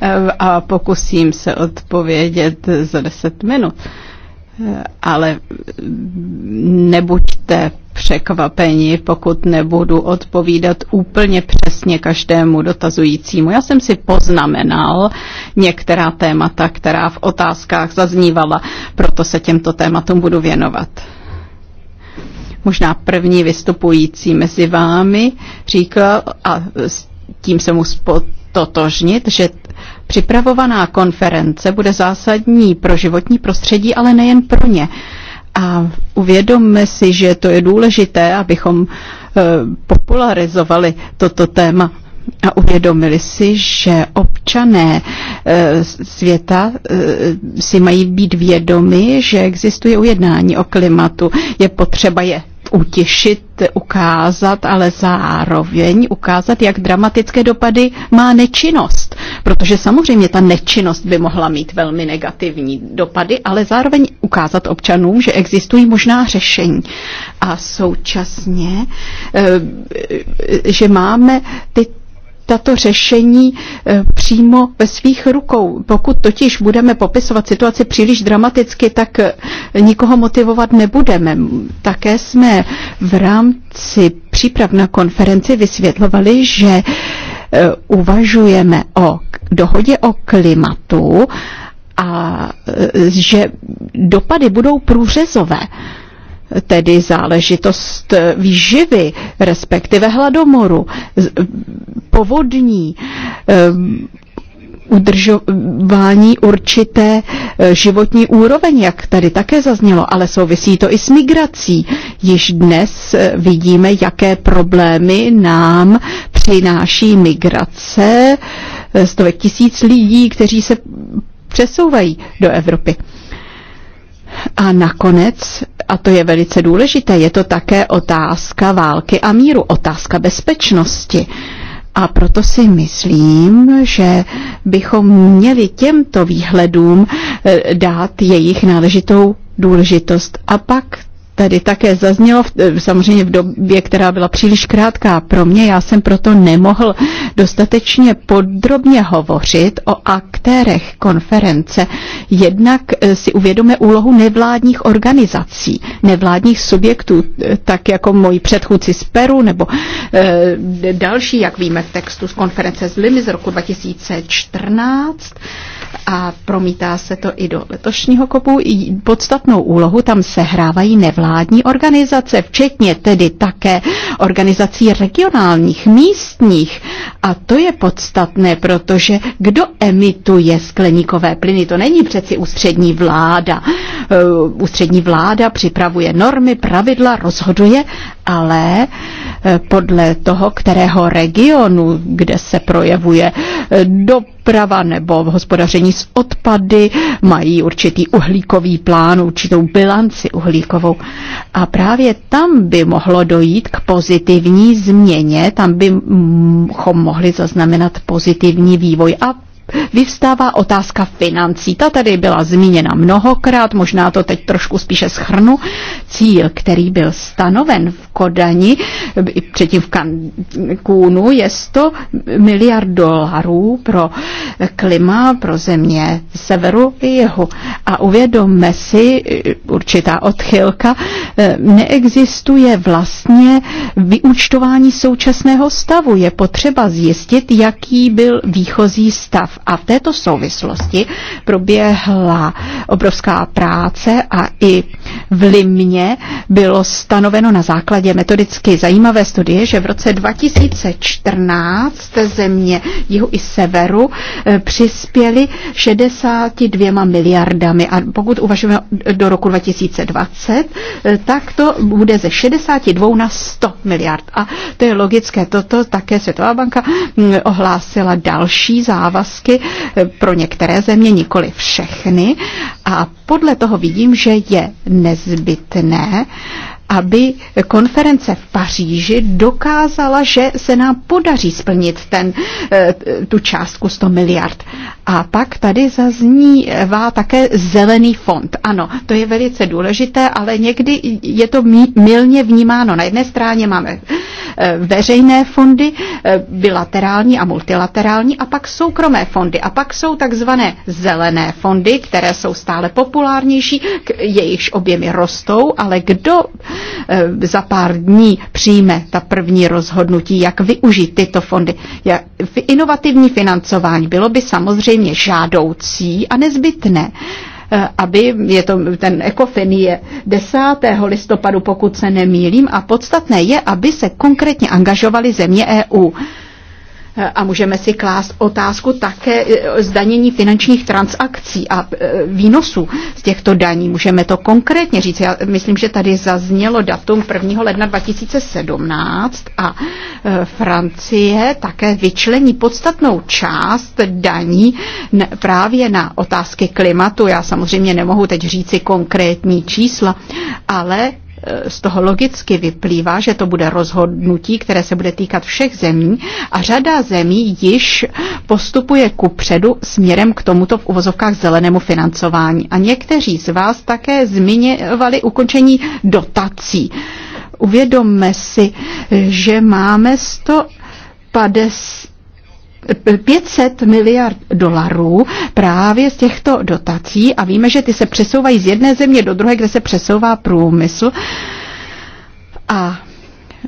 e, a pokusím se odpovědět za 10 minut. E, ale nebuďte překvapeni, pokud nebudu odpovídat úplně přesně každému dotazujícímu. Já jsem si poznamenal některá témata, která v otázkách zaznívala, proto se těmto tématům budu věnovat možná první vystupující mezi vámi, říkal, a s tím se mu totožnit, že připravovaná konference bude zásadní pro životní prostředí, ale nejen pro ně. A uvědomme si, že to je důležité, abychom eh, popularizovali toto téma a uvědomili si, že občané eh, světa eh, si mají být vědomi, že existuje ujednání o klimatu. Je potřeba je utěšit, ukázat, ale zároveň ukázat, jak dramatické dopady má nečinnost. Protože samozřejmě ta nečinnost by mohla mít velmi negativní dopady, ale zároveň ukázat občanům, že existují možná řešení. A současně, eh, že máme ty tato řešení e, přímo ve svých rukou. Pokud totiž budeme popisovat situaci příliš dramaticky, tak e, nikoho motivovat nebudeme. Také jsme v rámci příprav na konferenci vysvětlovali, že e, uvažujeme o dohodě o klimatu a že dopady budou průřezové tedy záležitost výživy, respektive hladomoru, povodní, ehm, udržování určité eh, životní úroveň, jak tady také zaznělo, ale souvisí to i s migrací. Již dnes eh, vidíme, jaké problémy nám přináší migrace eh, stovek tisíc lidí, kteří se přesouvají do Evropy. A nakonec a to je velice důležité, je to také otázka války a míru, otázka bezpečnosti. A proto si myslím, že bychom měli těmto výhledům eh, dát jejich náležitou důležitost. A pak tady také zaznělo, eh, samozřejmě v době, která byla příliš krátká pro mě, já jsem proto nemohl dostatečně podrobně hovořit o aktérech konference. Jednak eh, si uvědomuje úlohu nevládních organizací, nevládních subjektů, eh, tak jako moji předchůdci z Peru nebo e, další, jak víme v textu z konference z Limy z roku 2014 a promítá se to i do letošního kopu. Podstatnou úlohu tam sehrávají nevládní nevládní organizace, včetně tedy také organizací regionálních, místních. A to je podstatné, protože kdo emituje skleníkové plyny, to není přeci ústřední vláda. Eh, ústřední vláda připravuje normy, pravidla, rozhoduje, ale eh, podle toho, kterého regionu, kde se projevuje eh, dopad, doprava nebo v hospodaření s odpady, mají určitý uhlíkový plán, určitou bilanci uhlíkovou. A právě tam by mohlo dojít k pozitivní změně, tam bychom mohli zaznamenat pozitivní vývoj a vyvstává otázka financí. Ta tady byla zmíněna mnohokrát, možná to teď trošku spíše schrnu. Cíl, který byl stanoven v Kodani, předtím v Cancúnu, je 100 miliard dolarů pro klima, pro země severu i jihu. A uvědomme si, určitá odchylka, eh, neexistuje vlastně vyúčtování současného stavu. Je potřeba zjistit, jaký byl výchozí stav a v této souvislosti proběhla obrovská práce a i v Limě bylo stanoveno na základě metodicky zajímavé studie, že v roce 2014 země jihu i severu eh, přispěly 62 miliardami. A pokud uvažujeme do roku 2020, eh, tak to bude ze 62 na 100 miliard. A to je logické. Toto také Světová banka hm, ohlásila další závazky poplatky pro některé země, nikoli všechny. A podle toho vidím, že je nezbytné aby konference v Paříži dokázala, že se nám podaří splnit ten, eh, tu částku 100 miliard. A pak tady zaznívá také zelený fond. Ano, to je velice důležité, ale někdy je to milně vnímáno. Na jedné straně máme eh, veřejné fondy, eh, bilaterální a multilaterální, a pak soukromé fondy. A pak jsou takzvané zelené fondy, které jsou stále populárnější, jejichž objemy rostou, ale kdo Eh, za pár dní přijme ta první rozhodnutí, jak využít tyto fondy. inovativní financování bylo by samozřejmě žádoucí a nezbytné eh, aby, je to, ten ECOFIN je 10. listopadu, pokud se nemýlím, a podstatné je, aby se konkrétně angažovaly země EU. A můžeme si klást otázku také e, zdanění finančních transakcí a e, výnosů z těchto daní. Můžeme to konkrétně říct. Já myslím, že tady zaznělo datum 1. ledna 2017 a e, Francie také vyčlení podstatnou část daní právě na otázky klimatu. Já samozřejmě nemohu teď říci konkrétní čísla, ale Eh, z toho logicky vyplývá, že to bude rozhodnutí, které se bude týkat všech zemí a řada zemí již postupuje ku předu směrem k tomuto v uvozovkách zelenému financování. A někteří z vás také zmiňovali ukončení dotací. Uvědomme si, že máme 150 500 miliard dolarů právě z těchto dotací a víme, že ty se přesouvají z jedné země do druhé, kde se přesouvá průmysl. A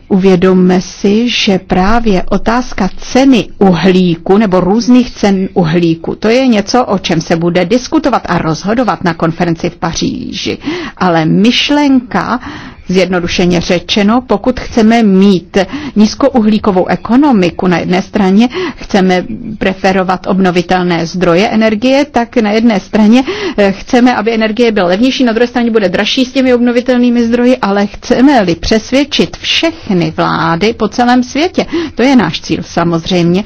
Uvědomme si, že právě otázka ceny uhlíku nebo různých cen uhlíku, to je něco, o čem se bude diskutovat a rozhodovat na konferenci v Paříži. Ale myšlenka, zjednodušeně řečeno, pokud chceme mít nízkouhlíkovou ekonomiku, na jedné straně chceme preferovat obnovitelné zdroje energie, tak na jedné straně eh, chceme, aby energie byla levnější, na druhé straně bude dražší s těmi obnovitelnými zdroji, ale chceme-li přesvědčit všech všechny vlády po celém světě. To je náš cíl samozřejmě.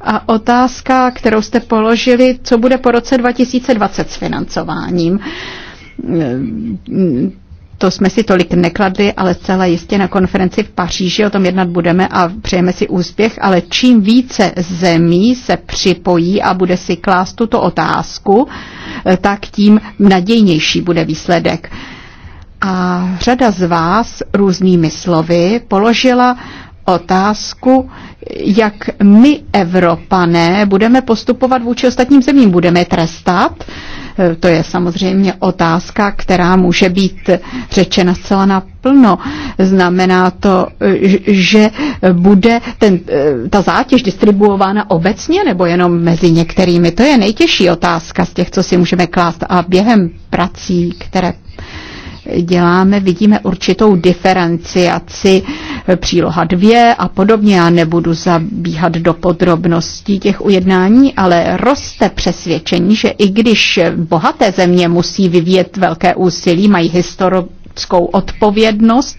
A otázka, kterou jste položili, co bude po roce 2020 s financováním to jsme si tolik nekladli, ale zcela jistě na konferenci v Paříži o tom jednat budeme a přejeme si úspěch, ale čím více zemí se připojí a bude si klást tuto otázku, tak tím nadějnější bude výsledek. A řada z vás různými slovy položila otázku, jak my, Evropané, budeme postupovat vůči ostatním zemím. Budeme trestat? E, to je samozřejmě otázka, která může být řečena zcela naplno. Znamená to, že bude ten, e, ta zátěž distribuována obecně nebo jenom mezi některými? To je nejtěžší otázka z těch, co si můžeme klást. A během prací, které děláme, vidíme určitou diferenciaci e, příloha dvě a podobně. Já nebudu zabíhat do podrobností těch ujednání, ale roste přesvědčení, že i když bohaté země musí vyvíjet velké úsilí, mají historii, politickou odpovědnost.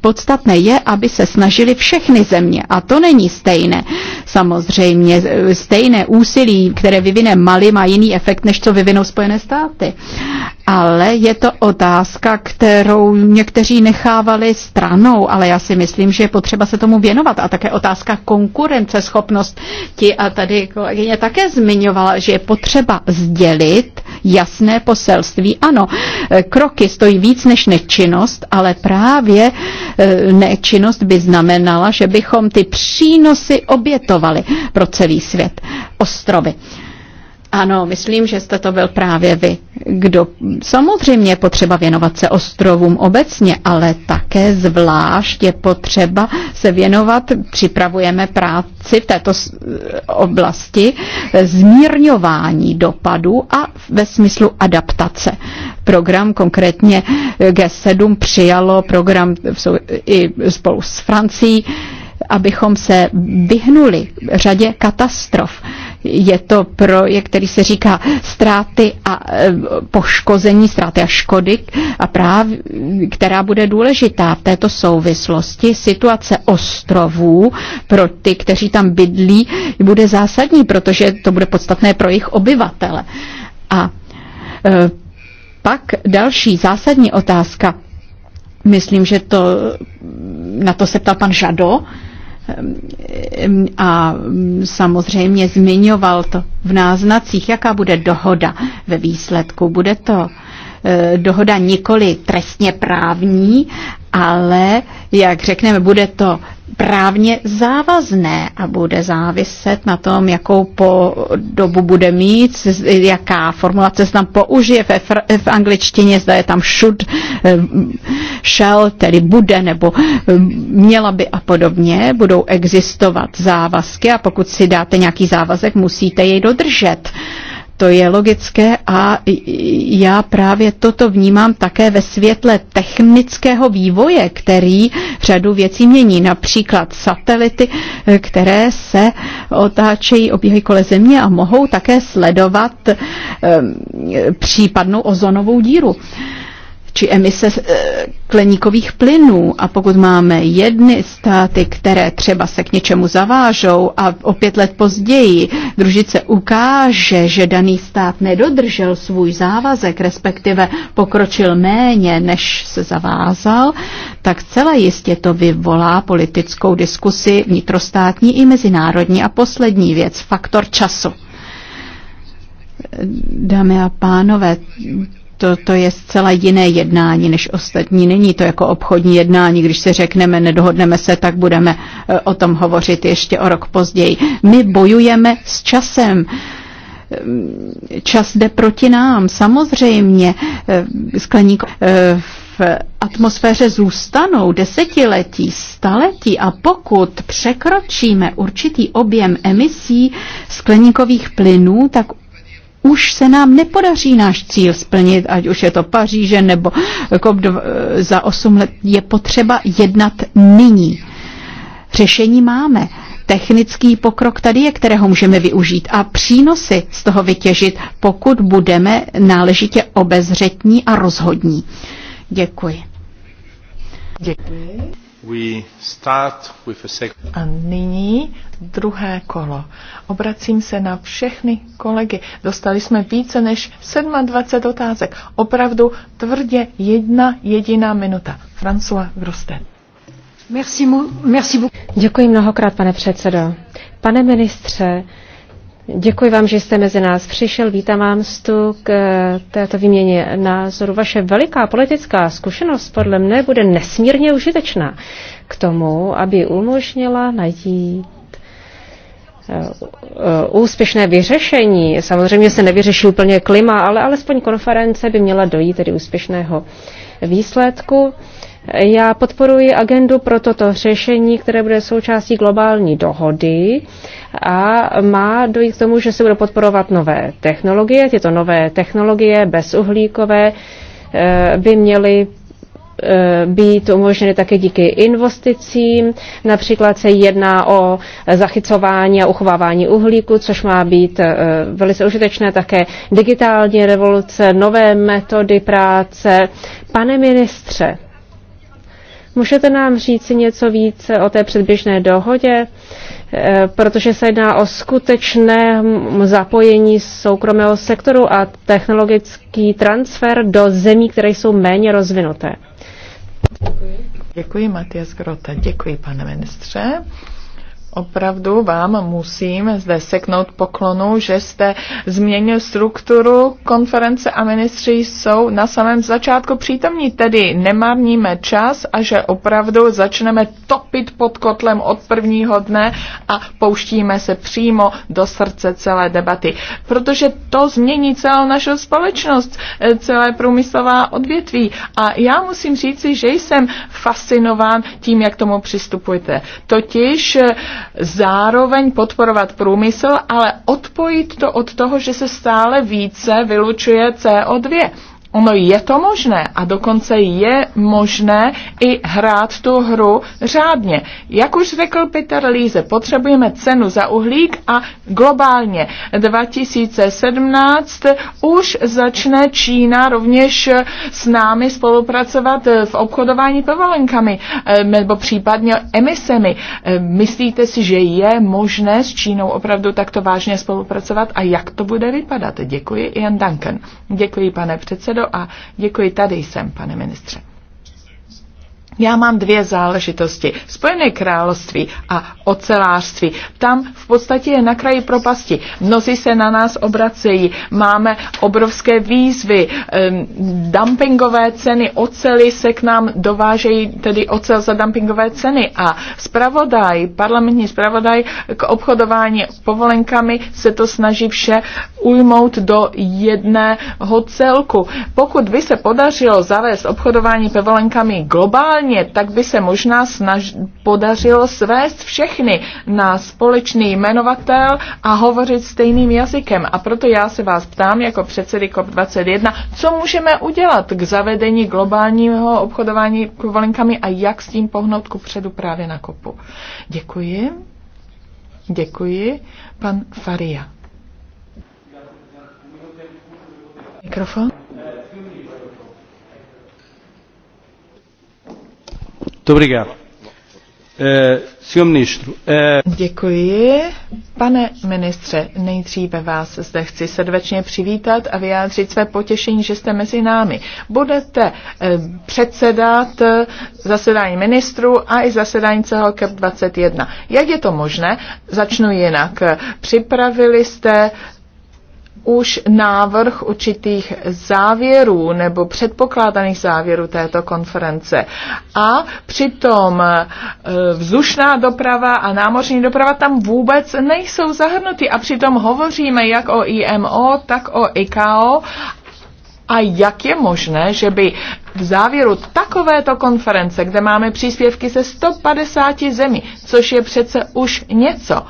Podstatné je, aby se snažili všechny země. A to není stejné. Samozřejmě e, stejné úsilí, které vyvine Mali, má jiný efekt, než co vyvinou Spojené státy. Ale je to otázka, kterou někteří nechávali stranou, ale já si myslím, že je potřeba se tomu věnovat. A také otázka Ti A tady kolegyně také zmiňovala, že je potřeba sdělit jasné poselství. Ano, e, kroky stojí víc než činnost, ale právě e, nečinnost by znamenala, že bychom ty přínosy obětovali pro celý svět. Ostrovy. Ano, myslím, že jste to byl právě vy. Kdo? Samozřejmě je potřeba věnovat se ostrovům obecně, ale také zvlášť je potřeba se věnovat, připravujeme práci v této eh, oblasti, eh, zmírňování dopadů a ve smyslu adaptace. Program konkrétně eh, G7 přijalo program i spolu s Francií, abychom se vyhnuli řadě katastrof. Je to projekt, který se říká ztráty a e, poškození, ztráty a škody, a práv, která bude důležitá v této souvislosti. Situace ostrovů pro ty, kteří tam bydlí, bude zásadní, protože to bude podstatné pro jejich obyvatele. A e, pak další zásadní otázka. Myslím, že to, na to se ptal pan Žado. Ehm, ehm, a ehm, samozřejmě zmiňoval to v náznacích, jaká bude dohoda ve výsledku. Bude to Eh, dohoda nikoli trestně právní, ale, jak řekneme, bude to právně závazné a bude záviset na tom, jakou dobu bude mít, jaká formulace se tam použije v, v angličtině, zda je tam should, eh, shall, tedy bude nebo eh, měla by a podobně. Budou existovat závazky a pokud si dáte nějaký závazek, musíte jej dodržet. Uh, to je logické a já právě toto vnímám také ve světle technického vývoje, který řadu věcí mění. Například satelity, které se otáčejí, obíhají kole Země a mohou také sledovat um, případnou ozonovou díru či emise eh, skleníkových plynů. A pokud máme jedny státy, které třeba se k něčemu zavážou a o pět let později družice ukáže, že daný stát nedodržel svůj závazek, respektive pokročil méně, než se zavázal, tak celé jistě to vyvolá politickou diskusi vnitrostátní i mezinárodní. A poslední věc, faktor času. Dámy a pánové, to, to je zcela jiné jednání než ostatní. Není to jako obchodní jednání, když si řekneme, nedohodneme se, tak budeme eh, o tom hovořit ještě o rok později. My bojujeme s časem. Eh, čas jde proti nám, samozřejmě. Eh, skleník v atmosféře zůstanou desetiletí, staletí a pokud překročíme určitý objem emisí skleníkových plynů, tak už se nám nepodaří náš cíl splnit, ať už je to Paříže nebo COP eh, za 8 let, je potřeba jednat nyní. Řešení máme. Technický pokrok tady je, kterého můžeme využít a přínosy z toho vytěžit, pokud budeme náležitě obezřetní a rozhodní. Děkuji. Děkuji. We start with a, a nyní druhé kolo. Obracím se na všechny kolegy. Dostali jsme více než 27 otázek. Opravdu tvrdě jedna jediná minuta. François Grosten. Merci, merci beaucoup. Děkuji mnohokrát, pane předsedo. Pane ministře, Děkuji vám, že jste mezi nás přišel. Vítám vám. stu k eh, této výměně názoru. Vaše veliká politická zkušenost podle mne bude nesmírně užitečná k tomu, aby umožnila najít eh, eh, úspěšné vyřešení. Samozřejmě se nevyřeší úplně klima, ale alespoň konference by měla dojít tedy úspěšného výsledku. Já podporuji agendu pro toto řešení, které bude součástí globální dohody a má dojít k tomu, že se budou podporovat nové technologie. Tyto nové technologie bezuhlíkové eh, by měly eh, být umožněny také díky investicím. Například se jedná o zachycování a uchovávání uhlíku, což má být eh, velice užitečné také digitální revoluce, nové metody práce. Pane ministře, Můžete nám říci něco více o té předběžné dohodě, eh, protože se jedná o skutečné zapojení soukromého sektoru a technologický transfer do zemí, které jsou méně rozvinuté. Děkuji. Děkuji, Matias Grota. Děkuji, pane ministře. Opravdu vám musím zde seknout poklonu, že jste změnil strukturu konference a ministři jsou na samém začátku přítomní, tedy nemarníme čas a že opravdu začneme topit pod kotlem od prvního dne a pouštíme se přímo do srdce celé debaty. Protože to změní celou naši společnost, eh, celé průmyslová odvětví. A já musím říci, že jsem fascinován tím, jak tomu přistupujete. Totiž eh, zároveň podporovat průmysl, ale odpojit to od toho, že se stále více vylučuje CO2. Ono je to možné a dokonce je možné i hrát tu hru řádně. Jak už řekl Peter Líze, potřebujeme cenu za uhlík a globálně 2017 už začne Čína rovněž s námi spolupracovat v obchodování povolenkami eh, nebo případně emisemi. Eh, myslíte si, že je možné s Čínou opravdu takto vážně spolupracovat a jak to bude vypadat? Děkuji, Ian Duncan. Děkuji, pane předsedo předsedo, a děkuji, tady jsem, pane ministře. Já mám dvě záležitosti. Spojené království a ocelářství. Tam v podstatě je na kraji propasti. Mnozí se na nás obracejí. Máme obrovské výzvy. Ehm, dumpingové ceny ocely se k nám dovážejí, tedy ocel za dumpingové ceny. A spravodaj, parlamentní spravodaj k obchodování povolenkami se to snaží vše ujmout do jedného celku. Pokud by se podařilo zavést obchodování povolenkami globálně, tak by se možná snaž, podařilo svést všechny na společný jmenovatel a hovořit stejným jazykem. A proto já se vás ptám jako předsedy COP21, co můžeme udělat k zavedení globálního obchodování povolenkami a jak s tím pohnout ku předu právě na kopu. Děkuji. Děkuji. Pan Faria. Mikrofon. Dobrý eh, eh. Děkuji. Pane ministře, nejdříve vás zde chci srdečně přivítat a vyjádřit své potěšení, že jste mezi námi. Budete eh, předsedat zasedání ministrů a i zasedání celého CAP 21. Jak je to možné? Začnu jinak. Připravili jste už návrh určitých závěrů nebo předpokládaných závěrů této konference. A přitom eh, vzdušná doprava a námořní doprava tam vůbec nejsou zahrnuty. A přitom hovoříme jak o IMO, tak o ICAO a jak je možné, že by v závěru takovéto konference, kde máme příspěvky ze 150 zemí, což je přece už něco,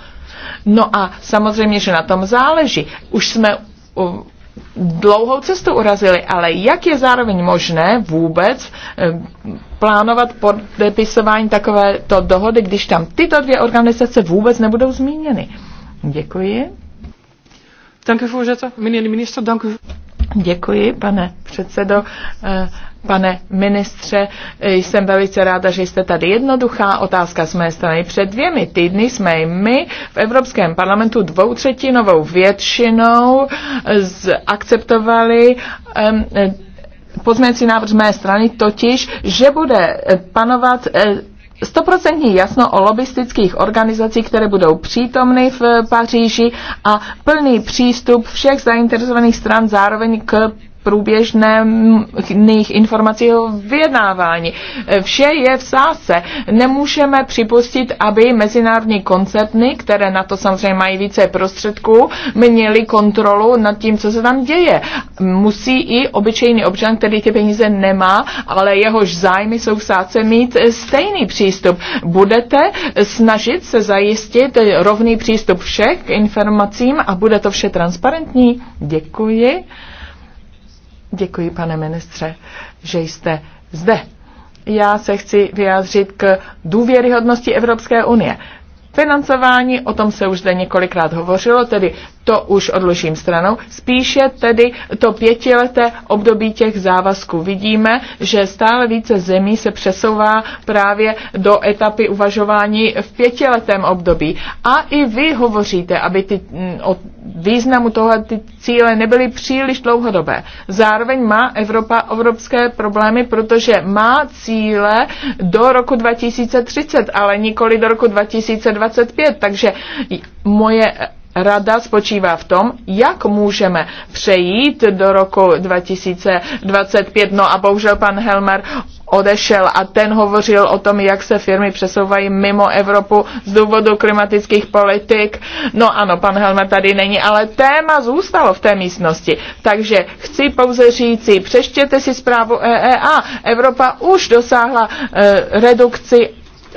No a samozřejmě, že na tom záleží. Už jsme dlouhou cestu urazili, ale jak je zároveň možné vůbec e, plánovat podepisování takovéto dohody, když tam tyto dvě organizace vůbec nebudou zmíněny? Děkuji. Děkuji, pane předsedo. E, Pane ministře, jsem velice ráda, že jste tady. Jednoduchá otázka z mé strany. Před dvěmi týdny jsme my v Evropském parlamentu dvoutřetinovou většinou akceptovali um, pozměňující návrh z mé strany, totiž, že bude panovat eh, stoprocentní jasno o lobistických organizacích, které budou přítomny v Paříži a plný přístup všech zainteresovaných stran zároveň k průběžných informací o vyjednávání. Vše je v sáse. Nemůžeme připustit, aby mezinárodní koncerny, které na to samozřejmě mají více prostředků, měli kontrolu nad tím, co se tam děje. Musí i obyčejný občan, který ty peníze nemá, ale jehož zájmy jsou v sáce, mít stejný přístup. Budete snažit se zajistit rovný přístup všech k informacím a bude to vše transparentní? Děkuji. Děkuji, pane ministře, že jste zde. Já se chci vyjádřit k důvěryhodnosti Evropské unie. Financování, o tom se už zde několikrát hovořilo, tedy to už odložím stranou. Spíše tedy to pětileté období těch závazků. Vidíme, že stále více zemí se přesouvá právě do etapy uvažování v pětiletém období. A i vy hovoříte, aby ty, mm, o významu toho ty cíle nebyly příliš dlouhodobé. Zároveň má Evropa evropské problémy, protože má cíle do roku 2030, ale nikoli do roku 2025. Takže moje rada spočívá v tom, jak můžeme přejít do roku 2025. No a bohužel pan Helmer odešel a ten hovořil o tom, jak se firmy přesouvají mimo Evropu z důvodu klimatických politik. No ano, pan Helmer tady není, ale téma zůstalo v té místnosti. Takže chci pouze říci, přeštěte si zprávu EEA. Evropa už dosáhla e, redukci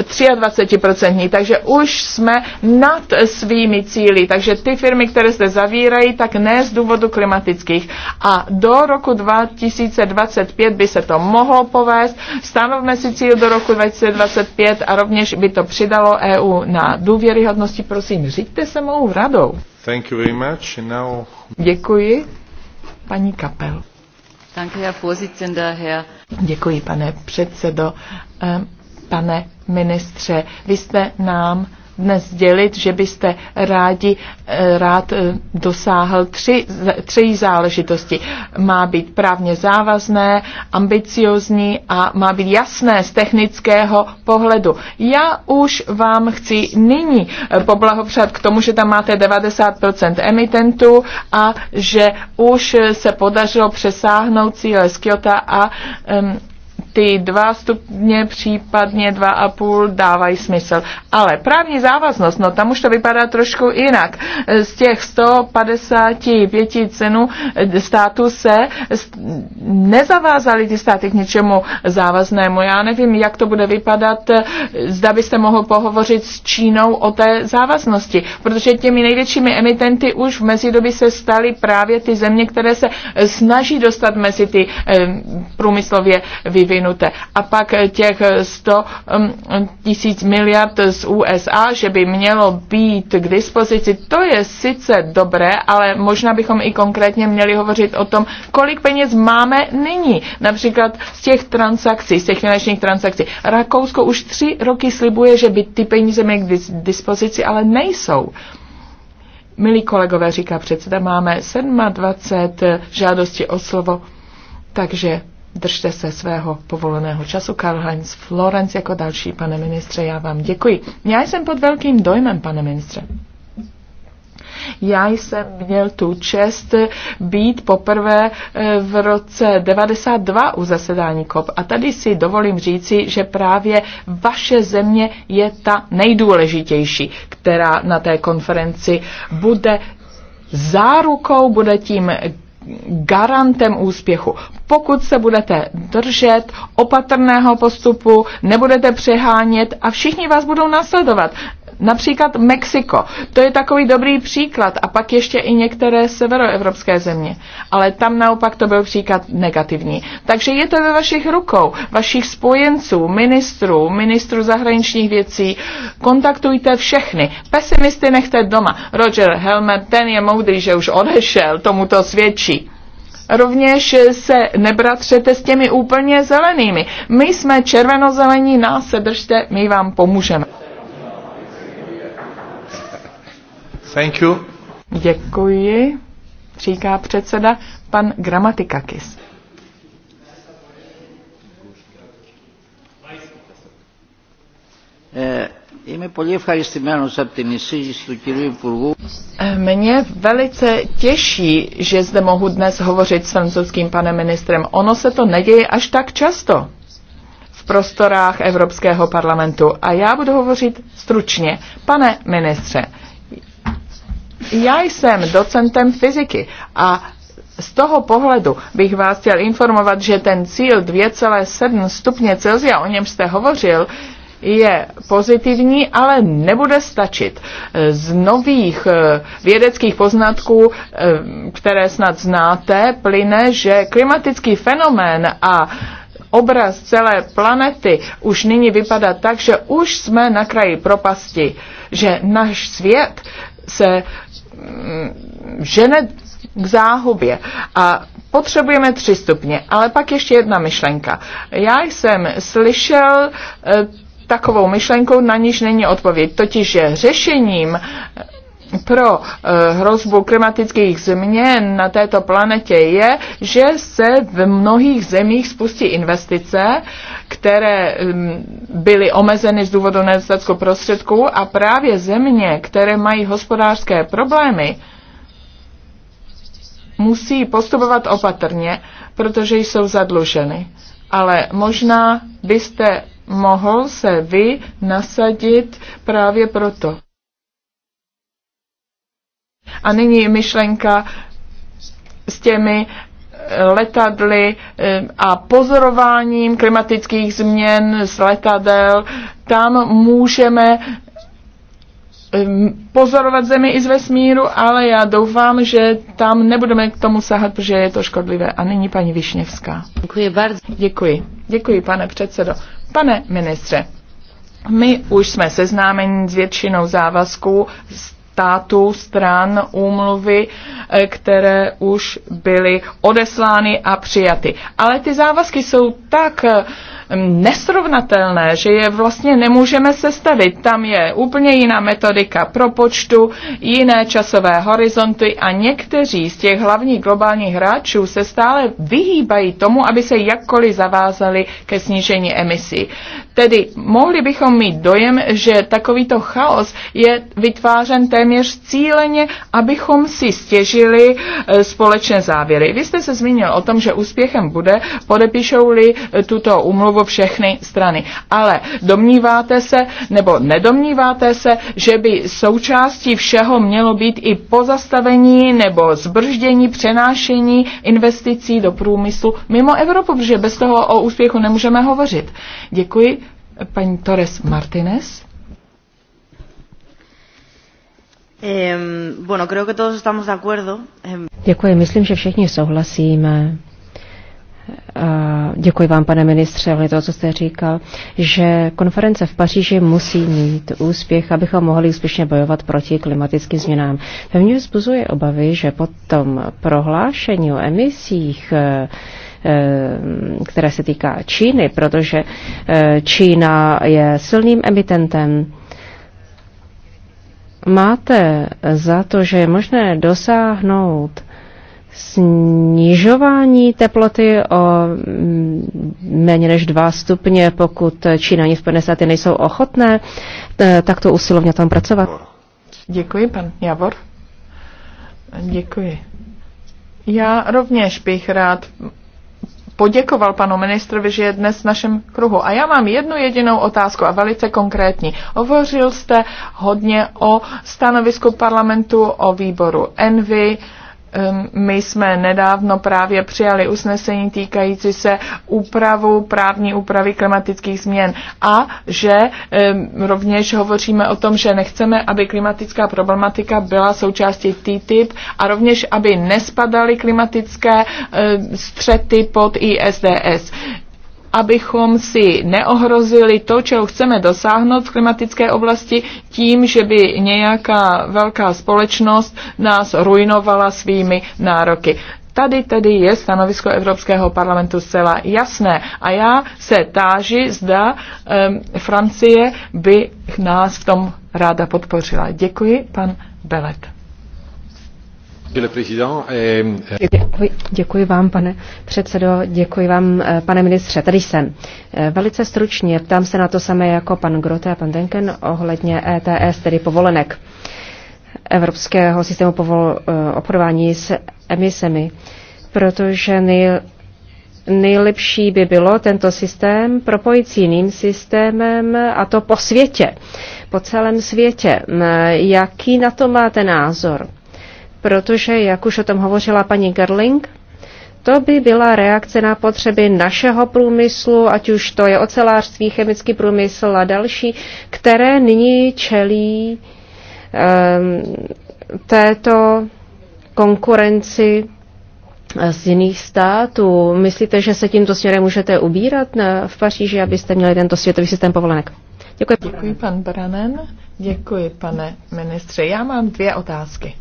23%, takže už jsme nad svými cíly, takže ty firmy, které zde zavírají, tak ne z důvodu klimatických. A do roku 2025 by se to mohlo povést, stanovme si cíl do roku 2025 a rovněž by to přidalo EU na důvěryhodnosti. Prosím, říďte se mou radou. Thank you very much. Now... Děkuji, paní Kapel. Danke, Herr Herr. Děkuji, pane předsedo. Um, pane ministře. Vy jste nám dnes sdělit, že byste rádi, eh, rád eh, dosáhl tři, tři záležitosti. Má být právně závazné, ambiciozní a má být jasné z technického pohledu. Já už vám chci nyní eh, poblahopřát k tomu, že tam máte 90% emitentů a že už se podařilo přesáhnout cíle z Kyoto a um, ty dva stupně, případně dva a půl dávají smysl. Ale právní závaznost, no tam už to vypadá trošku jinak. Z těch 155 cenů eh, států se nezavázali ty státy k něčemu závaznému. Já nevím, jak to bude vypadat, eh, zda byste mohl pohovořit s Čínou o té závaznosti, protože těmi největšími emitenty už v mezidobí se staly právě ty země, které se eh, snaží dostat mezi ty průmyslově vyvinuté rozvinuté. A pak těch 100 mm, tisíc miliard z USA, že by mělo být k dispozici, to je sice dobré, ale možná bychom i konkrétně měli hovořit o tom, kolik peněz máme nyní. Například z těch transakcí, z těch finančních transakcí. Rakousko už tři roky slibuje, že by ty peníze měly k dispozici, ale nejsou. Milí kolegové, říká předseda, máme 27 žádostí o slovo, takže Držte se svého povoleného času. Karl-Heinz Florenc jako další, pane ministře, já vám děkuji. Já jsem pod velkým dojmem, pane ministře. Já jsem měl tu čest být poprvé eh, v roce 92 u zasedání COP a tady si dovolím říci, že právě vaše země je ta nejdůležitější, která na té konferenci bude zárukou, bude tím garantem úspěchu. Pokud se budete držet opatrného postupu, nebudete přehánět a všichni vás budou následovat. Například Mexiko. To je takový dobrý příklad. A pak ještě i některé severoevropské země. Ale tam naopak to byl příklad negativní. Takže je to ve vašich rukou, vašich spojenců, ministrů, ministrů zahraničních věcí. Kontaktujte všechny. Pesimisty nechte doma. Roger Helmer, ten je moudrý, že už odešel, tomu to svědčí rovněž se nebratřete s těmi úplně zelenými. My jsme červenozelení, nás se držte, my vám pomůžeme. Thank you. Děkuji, říká předseda pan Gramatikakis. Eh, mě velice těší, že zde mohu dnes hovořit s francouzským panem ministrem. Ono se to neděje až tak často v prostorách Evropského parlamentu. A já budu hovořit stručně. Pane ministře, já jsem docentem fyziky a z toho pohledu bych vás chtěl informovat, že ten cíl 2,7 stupně Celsia, o něm jste hovořil, je pozitivní, ale nebude stačit. Z nových eh, vědeckých poznatků, eh, které snad znáte, plyne, že klimatický fenomén a obraz celé planety už nyní vypadá tak, že už jsme na kraji propasti, že náš svět se Mm, žene k záhubě a potřebujeme tři stupně. Ale pak ještě jedna myšlenka. Já jsem slyšel eh, takovou myšlenkou, na níž není odpověď. Totiž, je řešením pro eh, hrozbu klimatických změn na této planetě je, že se v mnohých zemích spustí investice, které hm, byly omezeny z důvodu nedostatku prostředků a právě země, které mají hospodářské problémy, musí postupovat opatrně, protože jsou zadluženy. Ale možná byste mohl se vy nasadit právě proto. A nyní myšlenka s těmi eh, letadly eh, a pozorováním klimatických změn z letadel. Tam můžeme eh, pozorovat Zemi i z vesmíru, ale já doufám, že tam nebudeme k tomu sahat, protože je to škodlivé. A nyní paní Višněvská. Děkuji bardzo. Děkuji. Děkuji, pane předsedo. Pane ministře, my už jsme seznámeni s většinou závazků z států stran úmluvy, eh, které už byly odeslány a přijaty. Ale ty závazky jsou tak eh, nesrovnatelné, že je vlastně nemůžeme sestavit. Tam je úplně jiná metodika pro počtu jiné časové horizonty a někteří z těch hlavních globálních hráčů se stále vyhýbají tomu, aby se jakkoliv zavázali ke snížení emisí. Tedy mohli bychom mít dojem, že takovýto chaos je vytvářen téměř cíleně, abychom si stěžili e, společné závěry. Vy jste se zmínil o tom, že úspěchem bude, podepíšou-li tuto umluvu smlouvu všechny strany. Ale domníváte se, nebo nedomníváte se, že by součástí všeho mělo být i pozastavení nebo zbrždění, přenášení investicí do průmyslu mimo Evropu, protože bez toho o úspěchu nemůžeme hovořit. Děkuji. Paní Torres Martinez. Děkuji, myslím, že všichni souhlasíme Eh, děkuji vám, pane ministře, ale to, co jste říkal, že konference v Paříži musí mít úspěch, abychom mohli úspěšně bojovat proti klimatickým změnám. Ve mně vzbuzuje obavy, že po tom prohlášení o emisích eh, eh, které se týká Číny, protože Čína je silným emitentem. Máte za to, že je možné dosáhnout snižování teploty o mm, méně než 2 stupně, pokud Čína ani Spojené státy nejsou ochotné takto usilovně tam pracovat. Děkuji, pan Javor. Děkuji. Já rovněž bych rád poděkoval panu ministrovi, že je dnes v našem kruhu. A já mám jednu jedinou otázku a velice konkrétní. Hovořil jste hodně o stanovisku parlamentu, o výboru Envy, Ehm, my jsme nedávno právě přijali usnesení týkající se úpravu, právní úpravy klimatických změn a že ehm, rovněž hovoříme o tom, že nechceme, aby klimatická problematika byla součástí TTIP a rovněž, aby nespadaly klimatické ehm, střety pod ISDS abychom si neohrozili to, čeho chceme dosáhnout v klimatické oblasti tím, že by nějaká velká společnost nás ruinovala svými nároky. Tady tedy je stanovisko Evropského parlamentu zcela jasné a já se táži, zda um, Francie by nás v tom ráda podpořila. Děkuji, pan Belet. Eh, eh, děkuji, děkuji vám, pane předsedo, děkuji vám, eh, pane ministře. Tady jsem. Velice stručně ptám se na to samé jako pan Grote a pan Denken ohledně ETS, tedy povolenek Evropského systému povol, obchodování s emisemi, protože nej, nejlepší by bylo tento systém propojit s jiným systémem a to po světě, po celém světě. Jaký na to máte názor? protože, jak už o tom hovořila paní Gerling, to by byla reakce na potřeby našeho průmyslu, ať už to je ocelářství, chemický průmysl a další, které nyní čelí um, této konkurenci eh, z jiných států. Myslíte, že se tímto směrem můžete ubírat na, eh, v Paříži, abyste měli tento světový systém povolenek? Děkuji. Děkuji, pan Branen. Děkuji, pane ministře. Já mám dvě otázky.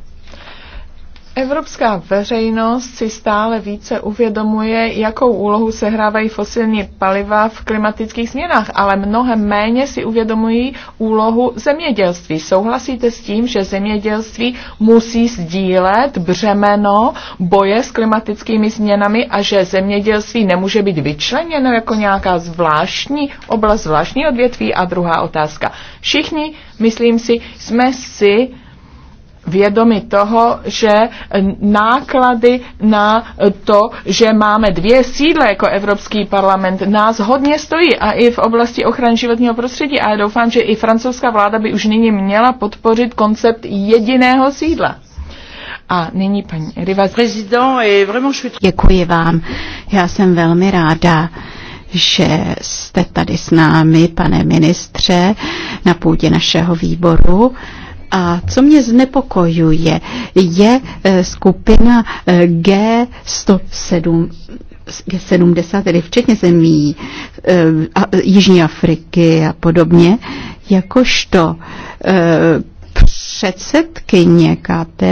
Evropská veřejnost si stále více uvědomuje, jakou úlohu sehrávají fosilní paliva v klimatických změnách, ale mnohem méně si uvědomují úlohu zemědělství. Souhlasíte s tím, že zemědělství musí sdílet břemeno boje s klimatickými změnami a že zemědělství nemůže být vyčleněno jako nějaká zvláštní oblast, zvláštní odvětví? A druhá otázka. Všichni, myslím si, jsme si vědomi toho, že náklady na to, že máme dvě sídla jako Evropský parlament, nás hodně stojí a i v oblasti ochrany životního prostředí. A já doufám, že i francouzská vláda by už nyní měla podpořit koncept jediného sídla. A nyní paní Rivas. Děkuji vám. Já jsem velmi ráda, že jste tady s námi, pane ministře, na půdě našeho výboru. A co mě znepokojuje, je eh, skupina eh, G107 70, tedy včetně zemí eh, Jižní Afriky a podobně, jakožto předsedkyně KT,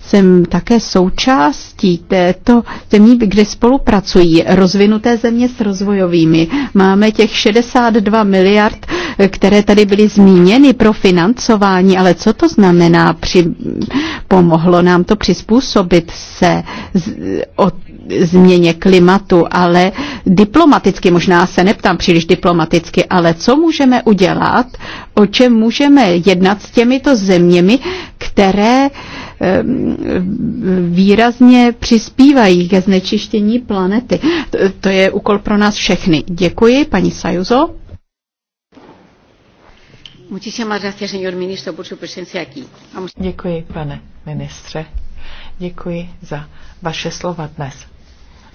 jsem také součástí této zemí, kde spolupracují rozvinuté země s rozvojovými. Máme těch 62 miliard, které tady byly zmíněny pro financování, ale co to znamená? Při, pomohlo nám to přizpůsobit se z, o změně klimatu, ale diplomaticky, možná se neptám příliš diplomaticky, ale co můžeme udělat, o čem můžeme jednat s těmito zeměmi, zemi, které eh, výrazně přispívají ke znečištění planety. To je úkol pro nás všechny. Děkuji, paní Sajuzo. Děkuji, pane ministře. Děkuji za vaše slova dnes.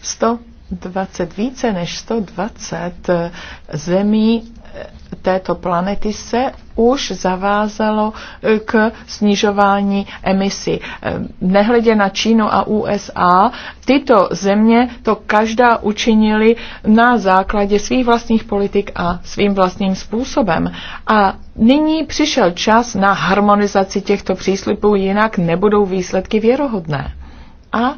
120, více než 120 eh, zemí této planety se už zavázalo e, k snižování emisí. E, nehledě na Čínu a USA, tyto země to každá učinili na základě svých vlastních politik a svým vlastním způsobem. A nyní přišel čas na harmonizaci těchto příslipů, jinak nebudou výsledky věrohodné. A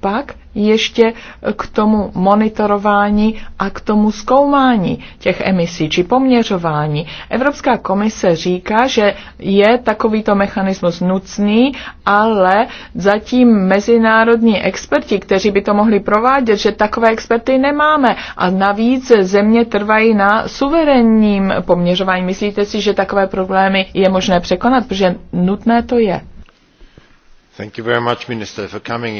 pak ještě k tomu monitorování a k tomu zkoumání těch emisí či poměřování. Evropská komise říká, že je takovýto mechanismus nutný, ale zatím mezinárodní experti, kteří by to mohli provádět, že takové experty nemáme. A navíc země trvají na suverenním poměřování. Myslíte si, že takové problémy je možné překonat, protože nutné to je?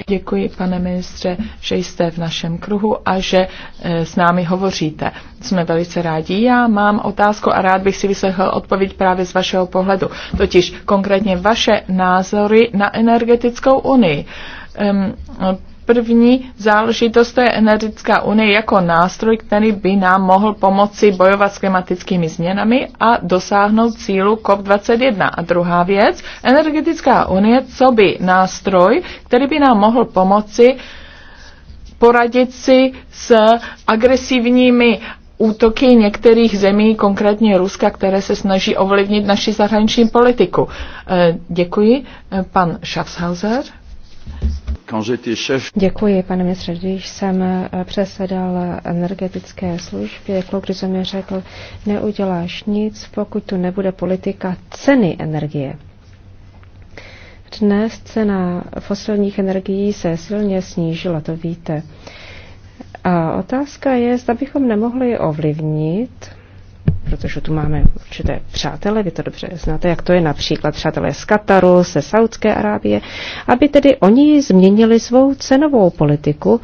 Děkuji, pane ministře, že jste v našem kruhu a že e, s námi hovoříte. Jsme velice rádi. Já mám otázku a rád bych si vyslechl odpověď právě z vašeho pohledu, totiž konkrétně vaše názory na energetickou unii. Ehm, První záležitost je energetická unie jako nástroj, který by nám mohl pomoci bojovat s klimatickými změnami a dosáhnout cílu COP21. A druhá věc, energetická unie, co by nástroj, který by nám mohl pomoci poradit si s agresivními útoky některých zemí, konkrétně Ruska, které se snaží ovlivnit naši zahraniční politiku. Eh, děkuji. Eh, pan Schaffshauser. Děkuji, pane ministře. Když jsem eh, přesedal energetické službě, když jsem mi řekl, neuděláš nic, pokud tu nebude politika ceny energie. Dnes cena fosilních energií se silně snížila, to víte. A otázka je, zda bychom nemohli ovlivnit protože tu máme určité přátele, vy to dobře znáte, jak to je například přátelé z Kataru, ze Saudské Arábie, aby tedy oni změnili svou cenovou politiku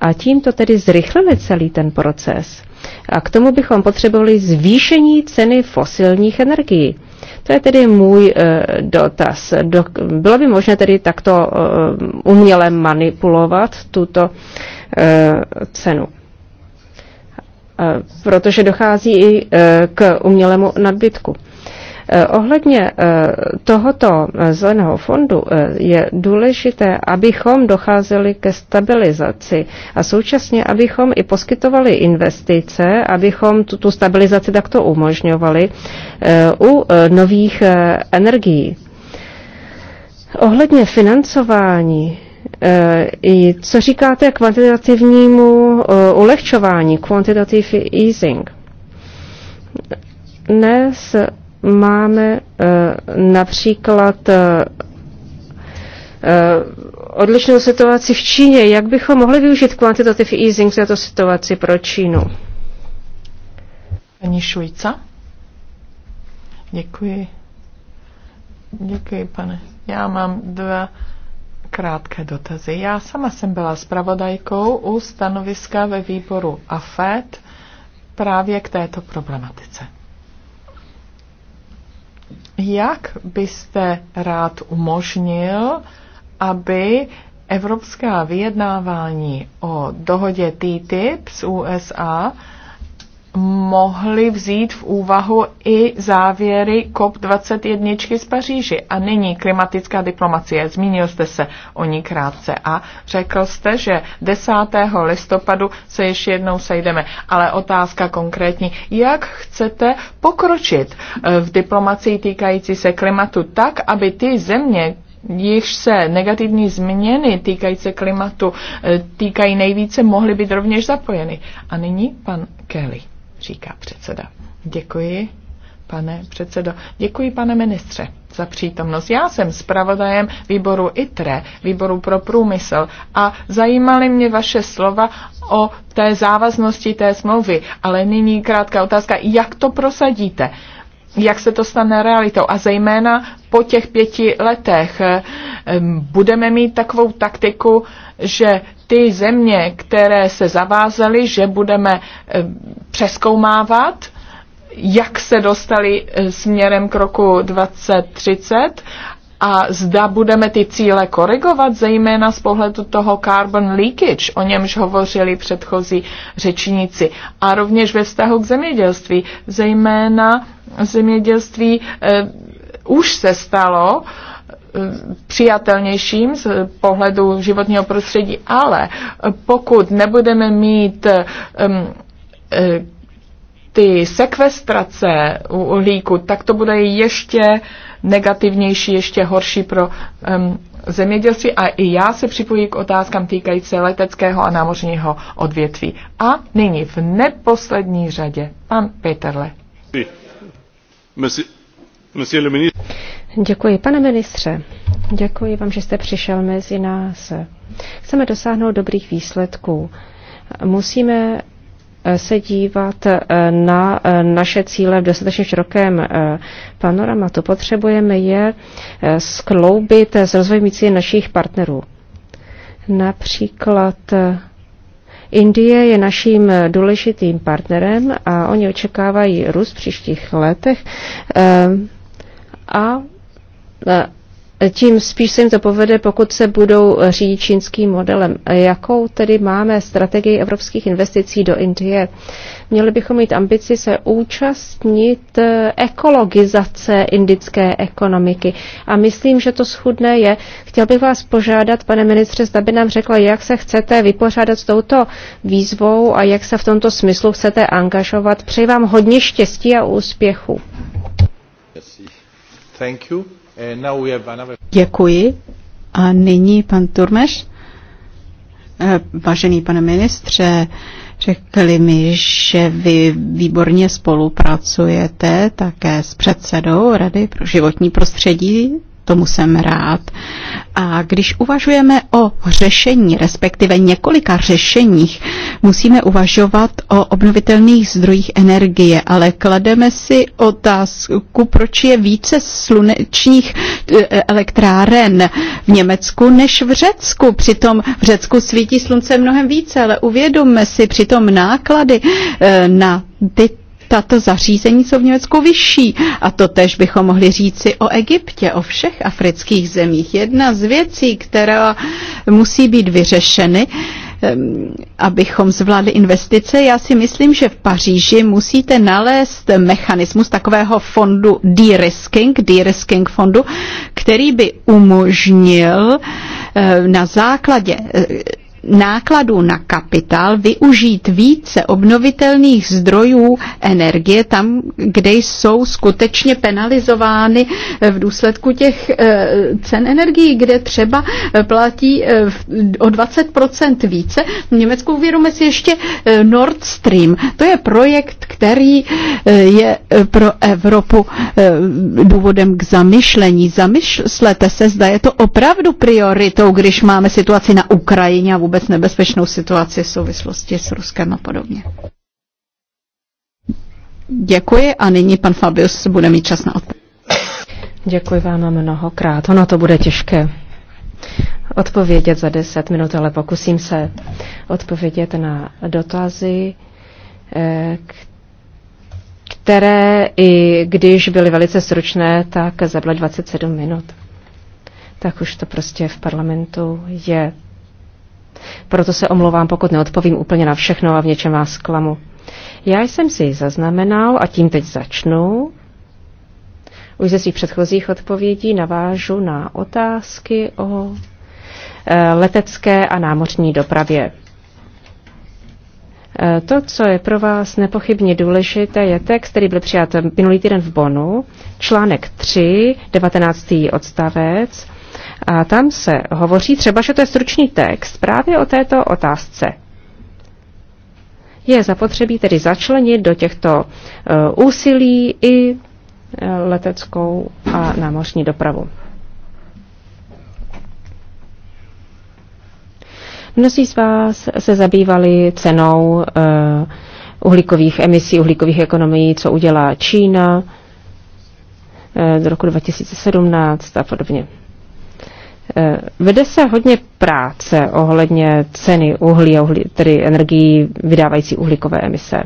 a tímto tedy zrychlili celý ten proces. A k tomu bychom potřebovali zvýšení ceny fosilních energií. To je tedy můj e, dotaz. Do, bylo by možné tedy takto e, uměle manipulovat tuto e, cenu? Eh, protože dochází i eh, k umělému nadbytku. Eh, ohledně tohoto zeleného fondu je důležité, abychom docházeli ke stabilizaci a současně, abychom i poskytovali investice, abychom tu, stabilizaci takto umožňovali u nových energií. Ohledně financování Eh, I co říkáte kvantitativnímu eh, ulehčování, quantitative easing? Dnes máme eh, například odlišnou situaci v Číně. Jak bychom mohli využít quantitative easing za této situaci pro Čínu? Pani Švýca. Děkuji. Děkuji, pane. Já mám dva krátké dotazy. Já sama jsem byla zpravodajkou u stanoviska ve výboru AFET právě k této problematice. Jak byste rád umožnil, aby evropská vyjednávání o dohodě TTIP z USA mohli vzít v úvahu i závěry COP21 z Paříži. A nyní klimatická diplomacie. Zmínil jste se o ní krátce a řekl jste, že 10. listopadu se ještě jednou sejdeme. Ale otázka konkrétní, jak chcete pokročit eh, v diplomacii týkající se klimatu tak, aby ty země, jichž se negativní změny týkající klimatu eh, týkají nejvíce, mohly být rovněž zapojeny. A nyní pan Kelly říká předseda. Děkuji, pane předsedo. Děkuji, pane ministře, za přítomnost. Já jsem zpravodajem výboru ITRE, výboru pro průmysl a zajímaly mě vaše slova o té závaznosti té smlouvy, ale nyní krátká otázka, jak to prosadíte? jak se to stane realitou. A zejména po těch pěti letech eh, budeme mít takovou taktiku, že ty země, které se zavázaly, že budeme eh, přeskoumávat, jak se dostali eh, směrem k roku 2030 a zda budeme ty cíle korigovat, zejména z pohledu toho carbon leakage, o němž hovořili předchozí řečníci. A rovněž ve vztahu k zemědělství, zejména zemědělství eh, už se stalo, eh, přijatelnějším z pohledu životního prostředí, ale pokud nebudeme mít e, ty sekvestrace uhlíku, tak to bude ještě negativnější, ještě horší pro um, zemědělství. A i já se připojím k otázkám týkající leteckého a námořního odvětví. A nyní v neposlední řadě pan Peterle. Monsieur le ministre. Děkuji, pane ministře. Děkuji vám, že jste přišel mezi nás. Chceme dosáhnout dobrých výsledků. Musíme eh, se dívat eh, na eh, naše cíle v dostatečně širokém panoramatu. Potřebujeme je skloubit s rozvojem našich partnerů. Například Indie je naším důležitým partnerem a oni očekávají růst v příštích letech a tím spíš se jim to povede, pokud se budou řídit čínským modelem. Jakou tedy máme strategii evropských investicí do Indie? Měli bychom mít ambici se účastnit eh, ekologizace indické ekonomiky. A myslím, že to schudné je. Chtěl bych vás požádat, pane ministře, zda by nám řekla, jak se chcete vypořádat s touto výzvou a jak se v tomto smyslu chcete angažovat. Přeji vám hodně štěstí a úspěchu. Thank you. Děkuji. A nyní pan Turmeš. Eh, vážený pane ministře, řekli mi, že vy výborně spolupracujete také s předsedou Rady pro životní prostředí. Tomu jsem rád. A když uvažujeme o řešení, respektive několika řešeních, musíme uvažovat o obnovitelných zdrojích energie, ale klademe si otázku, proč je více slunečních e, elektráren v Německu než v Řecku. Přitom v Řecku svítí slunce mnohem více, ale uvědomme si přitom náklady e, na ty tato zařízení jsou v Německu vyšší. A to tež bychom mohli říci o Egyptě, o všech afrických zemích. Jedna z věcí, která musí být vyřešeny, ehm, abychom zvládli investice. Já si myslím, že v Paříži musíte nalézt mechanismus takového fondu de-risking, de-risking fondu, který by umožnil ehm, na základě nákladů na kapitál využít více obnovitelných zdrojů energie tam, kde jsou skutečně penalizovány v důsledku těch eh, cen energií, kde třeba eh, platí eh, o 20% více. V Německu uvědomíme si ještě Nord Stream. To je projekt, který je pro Evropu důvodem k zamyšlení. Zamyšlete se, zda je to opravdu prioritou, když máme situaci na Ukrajině a vůbec vůbec nebezpečnou situaci v souvislosti s Ruskem a podobně. Děkuji a nyní pan Fabius bude mít čas na odpověď. Děkuji vám mnohokrát. Ono to bude těžké odpovědět za 10 minut, ale pokusím se odpovědět na dotazy, eh, které i když byly velice stručné, tak zabily 27 minut. Tak už to prostě v parlamentu je. Proto se omlouvám, pokud neodpovím úplně na všechno a v něčem vás klamu. Já jsem si ji zaznamenal a tím teď začnu. Už ze svých předchozích odpovědí navážu na otázky o e, letecké a námořní dopravě. E, to, co je pro vás nepochybně důležité, je text, který byl přijat minulý týden v Bonu, článek 3, 19. odstavec, a tam se hovoří třeba, že to je stručný text právě o této otázce. Je zapotřebí tedy začlenit do těchto eh, úsilí i eh, leteckou a námořní dopravu. Mnozí z vás se zabývali cenou eh, uhlíkových emisí, uhlíkových ekonomií, co udělá Čína z roku 2017 a podobně. Eh, vede se hodně práce ohledně ceny uhlí, uhlí tedy energii vydávající uhlíkové emise.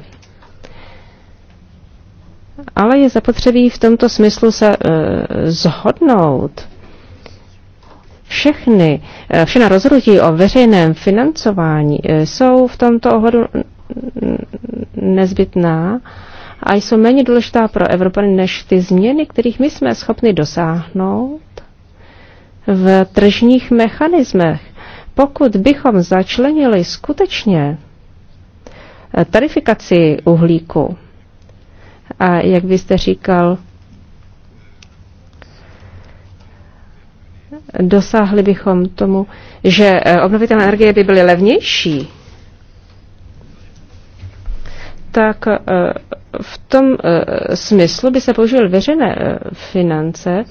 Ale je zapotřebí v tomto smyslu se e, zhodnout. Všechny, e, všechna rozhodnutí o veřejném financování e, jsou v tomto ohledu nezbytná a jsou méně důležitá pro Evropany než ty změny, kterých my jsme schopni dosáhnout v tržních mechanismech. Pokud bychom začlenili skutečně eh, tarifikaci uhlíku, a jak byste říkal, dosáhli bychom tomu, že eh, obnovitelné energie by byly levnější, tak eh, v tom smyslu by se použil veřejné finance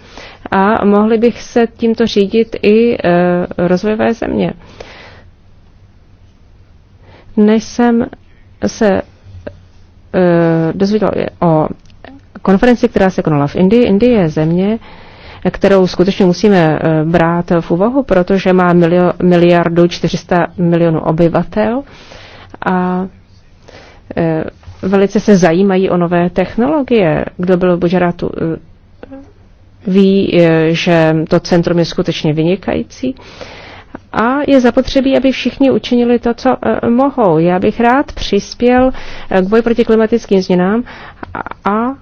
a mohli bych se tímto řídit i e, rozvojové země. Než jsem se e, dozvěděl o konferenci, která se konala v Indii. Indie je země, kterou skutečně musíme e, brát v úvahu, protože má miliardu 400 milionů obyvatel a velice se zajímají o nové technologie. Kdo byl v Gujaratu, ví, eh, že to centrum je skutečně vynikající. A je zapotřebí, aby všichni učinili to, co eh, mohou. Já bych rád přispěl eh, k boji proti klimatickým změnám a, a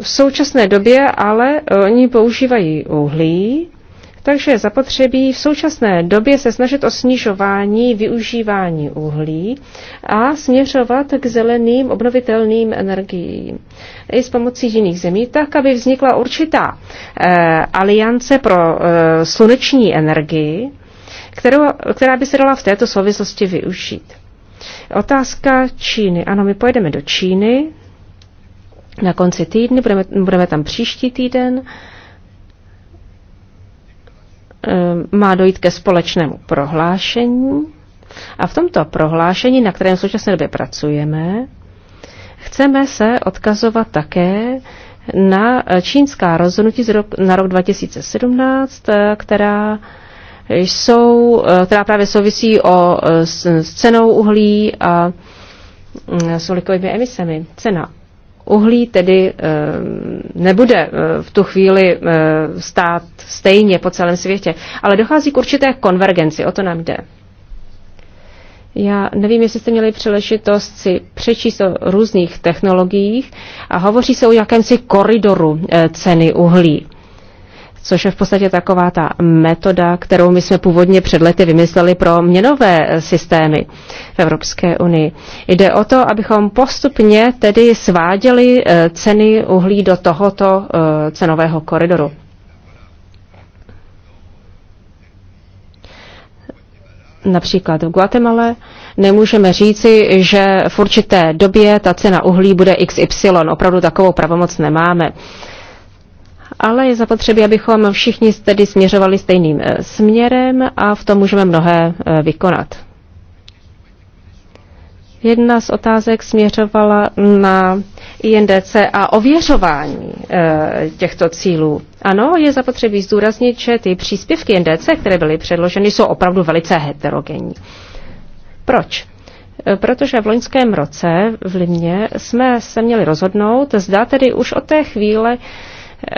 v současné době ale oni používají uhlí takže je zapotřebí v současné době se snažit o snižování využívání uhlí a směřovat k zeleným obnovitelným energiím i s pomocí jiných zemí, tak aby vznikla určitá eh, aliance pro eh, sluneční energii, kterou, která by se dala v této souvislosti využít. Otázka Číny. Ano, my pojedeme do Číny na konci týdne, budeme, budeme tam příští týden. Eh, Eh, má dojít ke společnému prohlášení a v tomto prohlášení, na kterém v současné době pracujeme, chceme se odkazovat také na čínská rozhodnutí z rok, na rok 2017, eh, která jsou, eh, která právě souvisí o, s, s cenou uhlí a mm, s uhlíkovými emisemi. Cena uhlí tedy eh, nebude eh, v tu chvíli eh, stát stejně po celém světě, ale dochází k určité konvergenci, o to nám jde. Já nevím, jestli jste měli příležitost si přečíst o různých technologiích a hovoří se o jakémsi koridoru ceny uhlí což je v podstatě taková ta metoda, kterou my jsme původně před lety vymysleli pro měnové systémy v Evropské unii. Jde o to, abychom postupně tedy sváděli eh, ceny uhlí do tohoto eh, cenového koridoru. Například v Guatemala nemůžeme říci, že v určité době ta cena uhlí bude XY. Opravdu takovou pravomoc nemáme. Uh, ale je zapotřebí, abychom všichni tedy směřovali stejným eh, směrem a v tom můžeme mnohé eh, vykonat. Jedna z otázek směřovala na INDC a ověřování e, těchto cílů. Ano, je zapotřebí zdůraznit, že ty příspěvky INDC, které byly předloženy, jsou opravdu velice heterogenní. Proč? Protože v loňském roce v Limě jsme se měli rozhodnout, zda tedy už od té chvíle,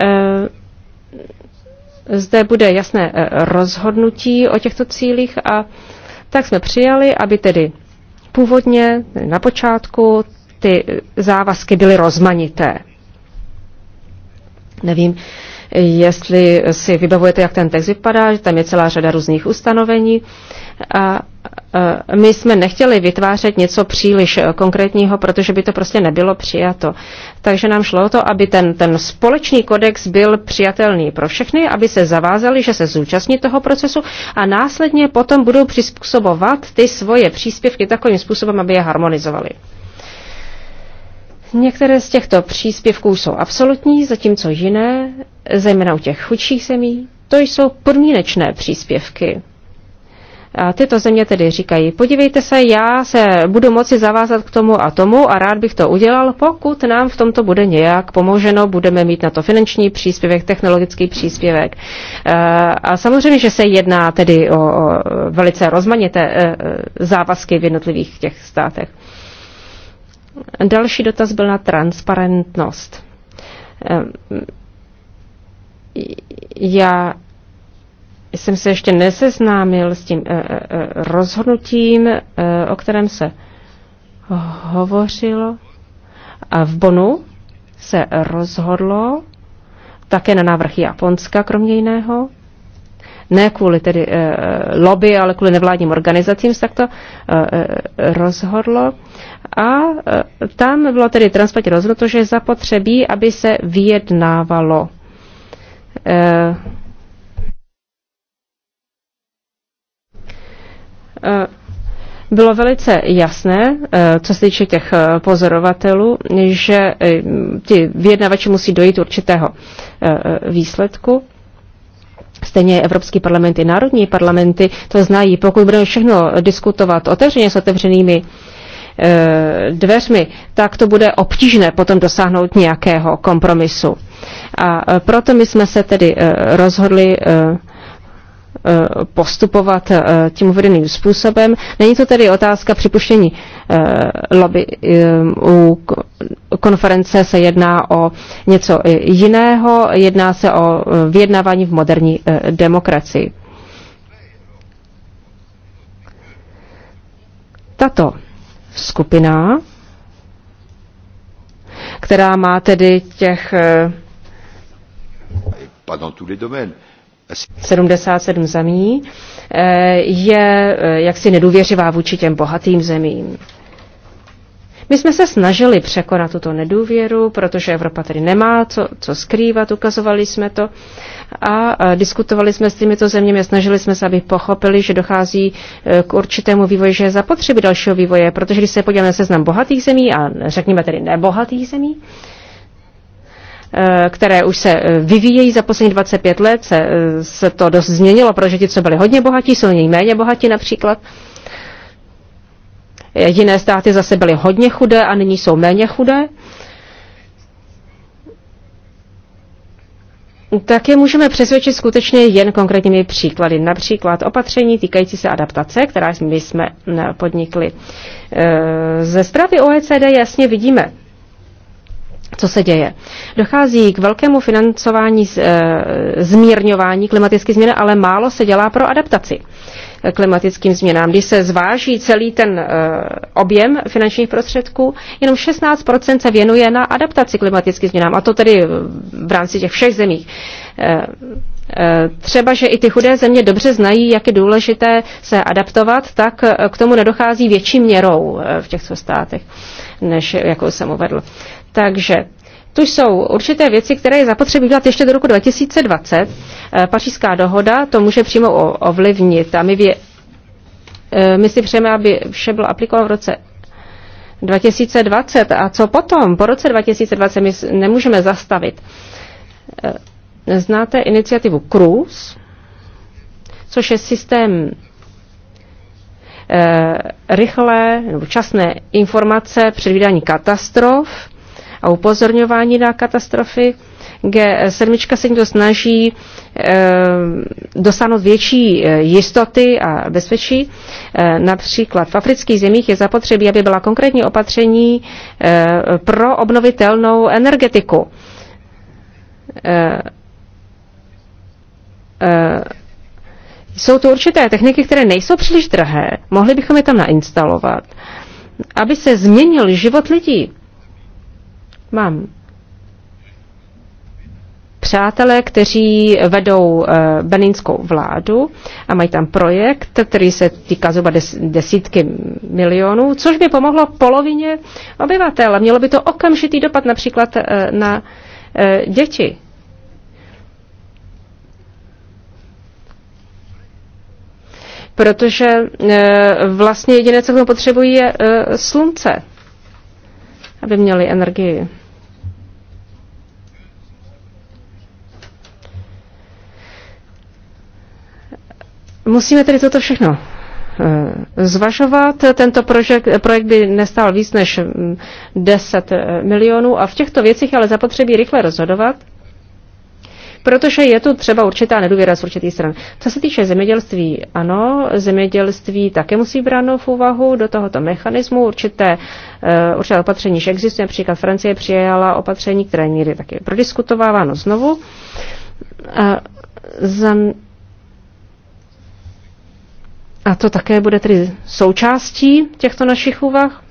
Eh, zde bude jasné eh, rozhodnutí o těchto cílích a tak jsme přijali, aby tedy původně na počátku ty závazky byly rozmanité. Nevím, jestli si vybavujete, jak ten text vypadá, že tam je celá řada různých ustanovení. A my jsme nechtěli vytvářet něco příliš eh, konkrétního, protože by to prostě nebylo přijato. Takže nám šlo o to, aby ten, ten společný kodex byl přijatelný pro všechny, aby se zavázali, že se zúčastní toho procesu a následně potom budou přizpůsobovat ty svoje příspěvky takovým způsobem, aby je harmonizovali. Některé z těchto příspěvků jsou absolutní, zatímco jiné, zejména u těch chudších zemí, to jsou podmínečné příspěvky. A tyto země tedy říkají, podívejte se, já se budu moci zavázat k tomu a tomu a rád bych to udělal, pokud nám v tomto bude nějak pomoženo, budeme mít na to finanční příspěvek, technologický příspěvek. Eh, a samozřejmě, že se jedná tedy o velice rozmanité eh, závazky v jednotlivých těch státech. Další dotaz byl na transparentnost. Ehm, já jsem se ještě neseznámil s tím eh, eh, eh, rozhodnutím, o kterém se hovořilo. A v Bonu se rozhodlo, také na návrh Japonska, kromě jiného, ne kvůli tedy eh, lobby, ale kvůli nevládním organizacím se takto eh, eh, rozhodlo. A tam bylo tedy transparentně rozhodnuto, že je zapotřebí, aby se vyjednávalo. Bylo velice jasné, co se týče těch pozorovatelů, že ti vyjednavači musí dojít určitého výsledku. Stejně Evropský parlament i národní parlamenty to znají. Pokud budeme všechno diskutovat otevřeně s otevřenými e, dveřmi, tak to bude obtížné potom dosáhnout nějakého kompromisu. A eh, proto my jsme se tedy eh, rozhodli e, Eh, postupovat eh, tím uvedeným způsobem. Není to tedy otázka připuštění eh, lobby. U konference se jedná o něco jiného, jedná se o vyjednávání v moderní demokracii. Tato skupina, která má tedy těch pas dans tous les domaines, 77 zemí eh, je eh, jaksi nedůvěřivá vůči těm bohatým zemím. My jsme se snažili překonat tuto nedůvěru, protože Evropa tedy nemá co, co skrývat, ukazovali jsme to a diskutovali jsme s těmito zeměmi, snažili jsme se, aby pochopili, že dochází eh, k určitému vývoji, že je zapotřebí dalšího vývoje, protože když se podíváme na seznam bohatých zemí a řekněme tedy nebohatých zemí, Eh, které už se eh, vyvíjejí za poslední 25 let, se, eh, se to dost změnilo, protože ti, co byli hodně bohatí, jsou nyní méně bohatí například. Jiné státy zase byly hodně chudé a nyní jsou méně chudé. Tak je můžeme přesvědčit skutečně jen konkrétními příklady. Například opatření týkající se adaptace, která my jsme podnikli. Ze stravy OECD jasně vidíme, co se děje. Dochází k velkému financování z, e, zmírňování klimatické změny, ale málo se dělá pro adaptaci klimatickým změnám. Když se zváží celý ten e, objem finančních prostředků, jenom 16% se věnuje na adaptaci klimatickým změnám, a to tedy v rámci těch všech zemích. E, Třeba, že i ty chudé země dobře znají, jak je důležité se adaptovat, tak k tomu nedochází větší měrou v těchto státech, než jako jsem uvedl. Takže tu jsou určité věci, které je zapotřebí udělat ještě do roku 2020. Eh, Pařížská dohoda to může přímo ovlivnit. A my, vě, eh, my si přejeme, aby vše bylo aplikováno v roce 2020. A co potom? Po roce 2020 my nemůžeme zastavit. Eh, znáte iniciativu CRUISE, což je systém rychlé nebo časné informace předvídání katastrof a upozorňování na katastrofy. G7 se někdo snaží e, dosáhnout větší eh, jistoty a bezpečí. E, například v afrických zemích je zapotřebí, aby byla konkrétní opatření e, pro obnovitelnou energetiku. E, e, jsou to určité techniky, které nejsou příliš drahé. Mohli bychom je tam nainstalovat, aby se změnil život lidí Mám přátelé, kteří vedou eh, beninskou vládu a mají tam projekt, který se týká zhruba desítky milionů, což by pomohlo polovině obyvatel. Mělo by to okamžitý dopad například eh, na eh, děti. Protože vlastně jediné, co potřebují, je slunce, aby měli energii. Musíme tedy toto všechno eh, zvažovat. Tento projekt, projekt by nestál víc než 10 mm, eh, milionů a v těchto věcech ale zapotřebí rychle rozhodovat, protože je tu třeba určitá nedůvěra z určitých stran. Co se týče zemědělství, ano, zemědělství také musí bránou v úvahu do tohoto mechanismu. Určité, eh, určité opatření, že existuje, například Francie přijala opatření, které někdy taky prodiskutováváno znovu. A to také bude tedy součástí těchto našich úvah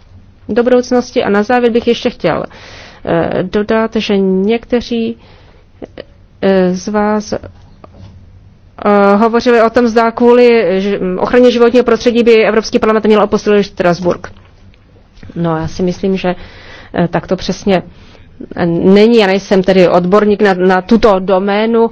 do budoucnosti. A na závěr bych ještě chtěl eh, dodat, že někteří eh, z vás eh, hovořili o tom, zda kvůli hm, ochraně životního prostředí by Evropský parlament měl opustit Strasburg. No já si myslím, že tak to přesně není. Já nejsem tedy odborník na, na tuto doménu.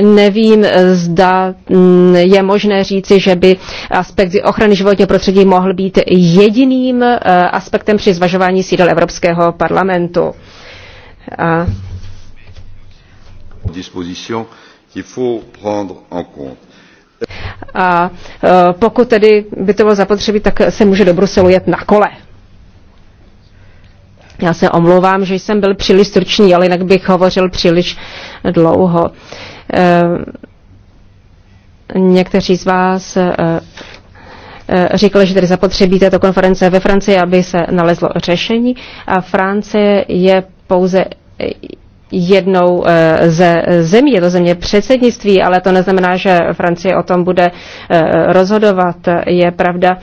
Nevím, zda mm, je možné říci, že by aspekt ochrany životního prostředí mohl být jediným eh, aspektem při zvažování sídel Evropského parlamentu. A A eh, pokud tedy by to bylo zapotřebí, tak se může do Bruselu jet na kole. Já se omlouvám, že jsem byl příliš stručný, ale jinak bych hovořil příliš dlouho. Uh, Eh, někteří z vás eh, eh, říkali, že tedy zapotřebí této konference ve Francii, aby se nalezlo řešení a Francie je pouze jednou eh, ze zemí, je to země předsednictví, ale to neznamená, že Francie o tom bude eh, rozhodovat. Je pravda,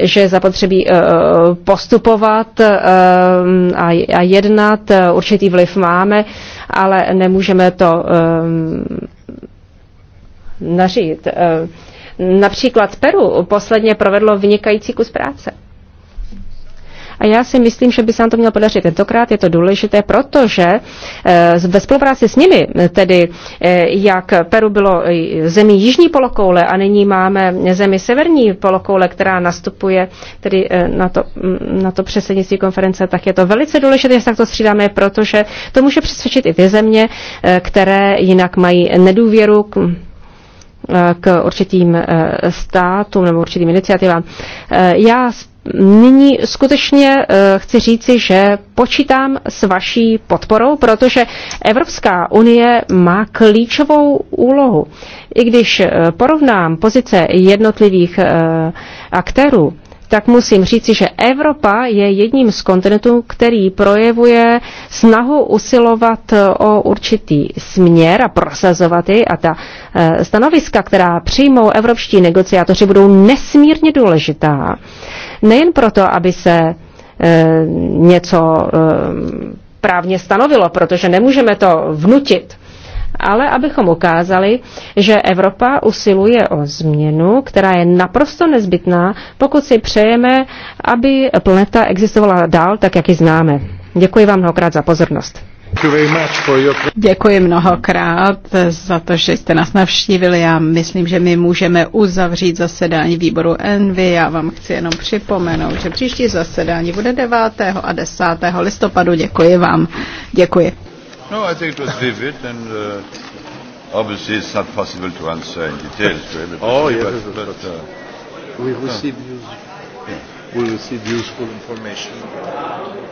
že zapotřebí eh, postupovat a jednat, určitý vliv máme, ale nemůžeme to nařídit. Například Peru posledně provedlo vynikající kus práce. A já si myslím, že by se nám to mělo podařit tentokrát. Je to důležité, protože eh, ve spolupráci s nimi, tedy eh, jak Peru bylo zemí jižní polokoule a nyní máme zemi severní polokoule, která nastupuje tedy eh, na to, mm, na to předsednictví konference, tak je to velice důležité, že se takto střídáme, protože to může přesvědčit i ty země, které jinak mají nedůvěru k, k určitým státům nebo určitým iniciativám. Já nyní skutečně eh, chci říci, že počítám s vaší podporou, protože Evropská unie má klíčovou úlohu. I když eh, porovnám pozice jednotlivých eh, aktérů, tak musím říci, že Evropa je jedním z kontinentů, který projevuje snahu usilovat o určitý směr a prosazovat ji a ta eh, stanoviska, která přijmou evropští negociátoři, budou nesmírně důležitá. Nejen proto, aby se eh, něco eh, právně stanovilo, protože nemůžeme to vnutit, ale abychom ukázali, že Evropa usiluje o změnu, která je naprosto nezbytná, pokud si přejeme, aby planeta existovala dál, tak jak ji známe. Děkuji vám mnohokrát za pozornost. Děkuji mnohokrát za to, že jste nás navštívili. Já myslím, že my můžeme uzavřít zasedání výboru Envy. Já vám chci jenom připomenout, že příští zasedání bude 9. a 10. listopadu. Děkuji vám. Děkuji. No, I think it was vivid, and uh, obviously it's not possible to answer in detail to everybody. Oh, yes, but, but, but uh, we received, no. useful. yeah. we received useful information.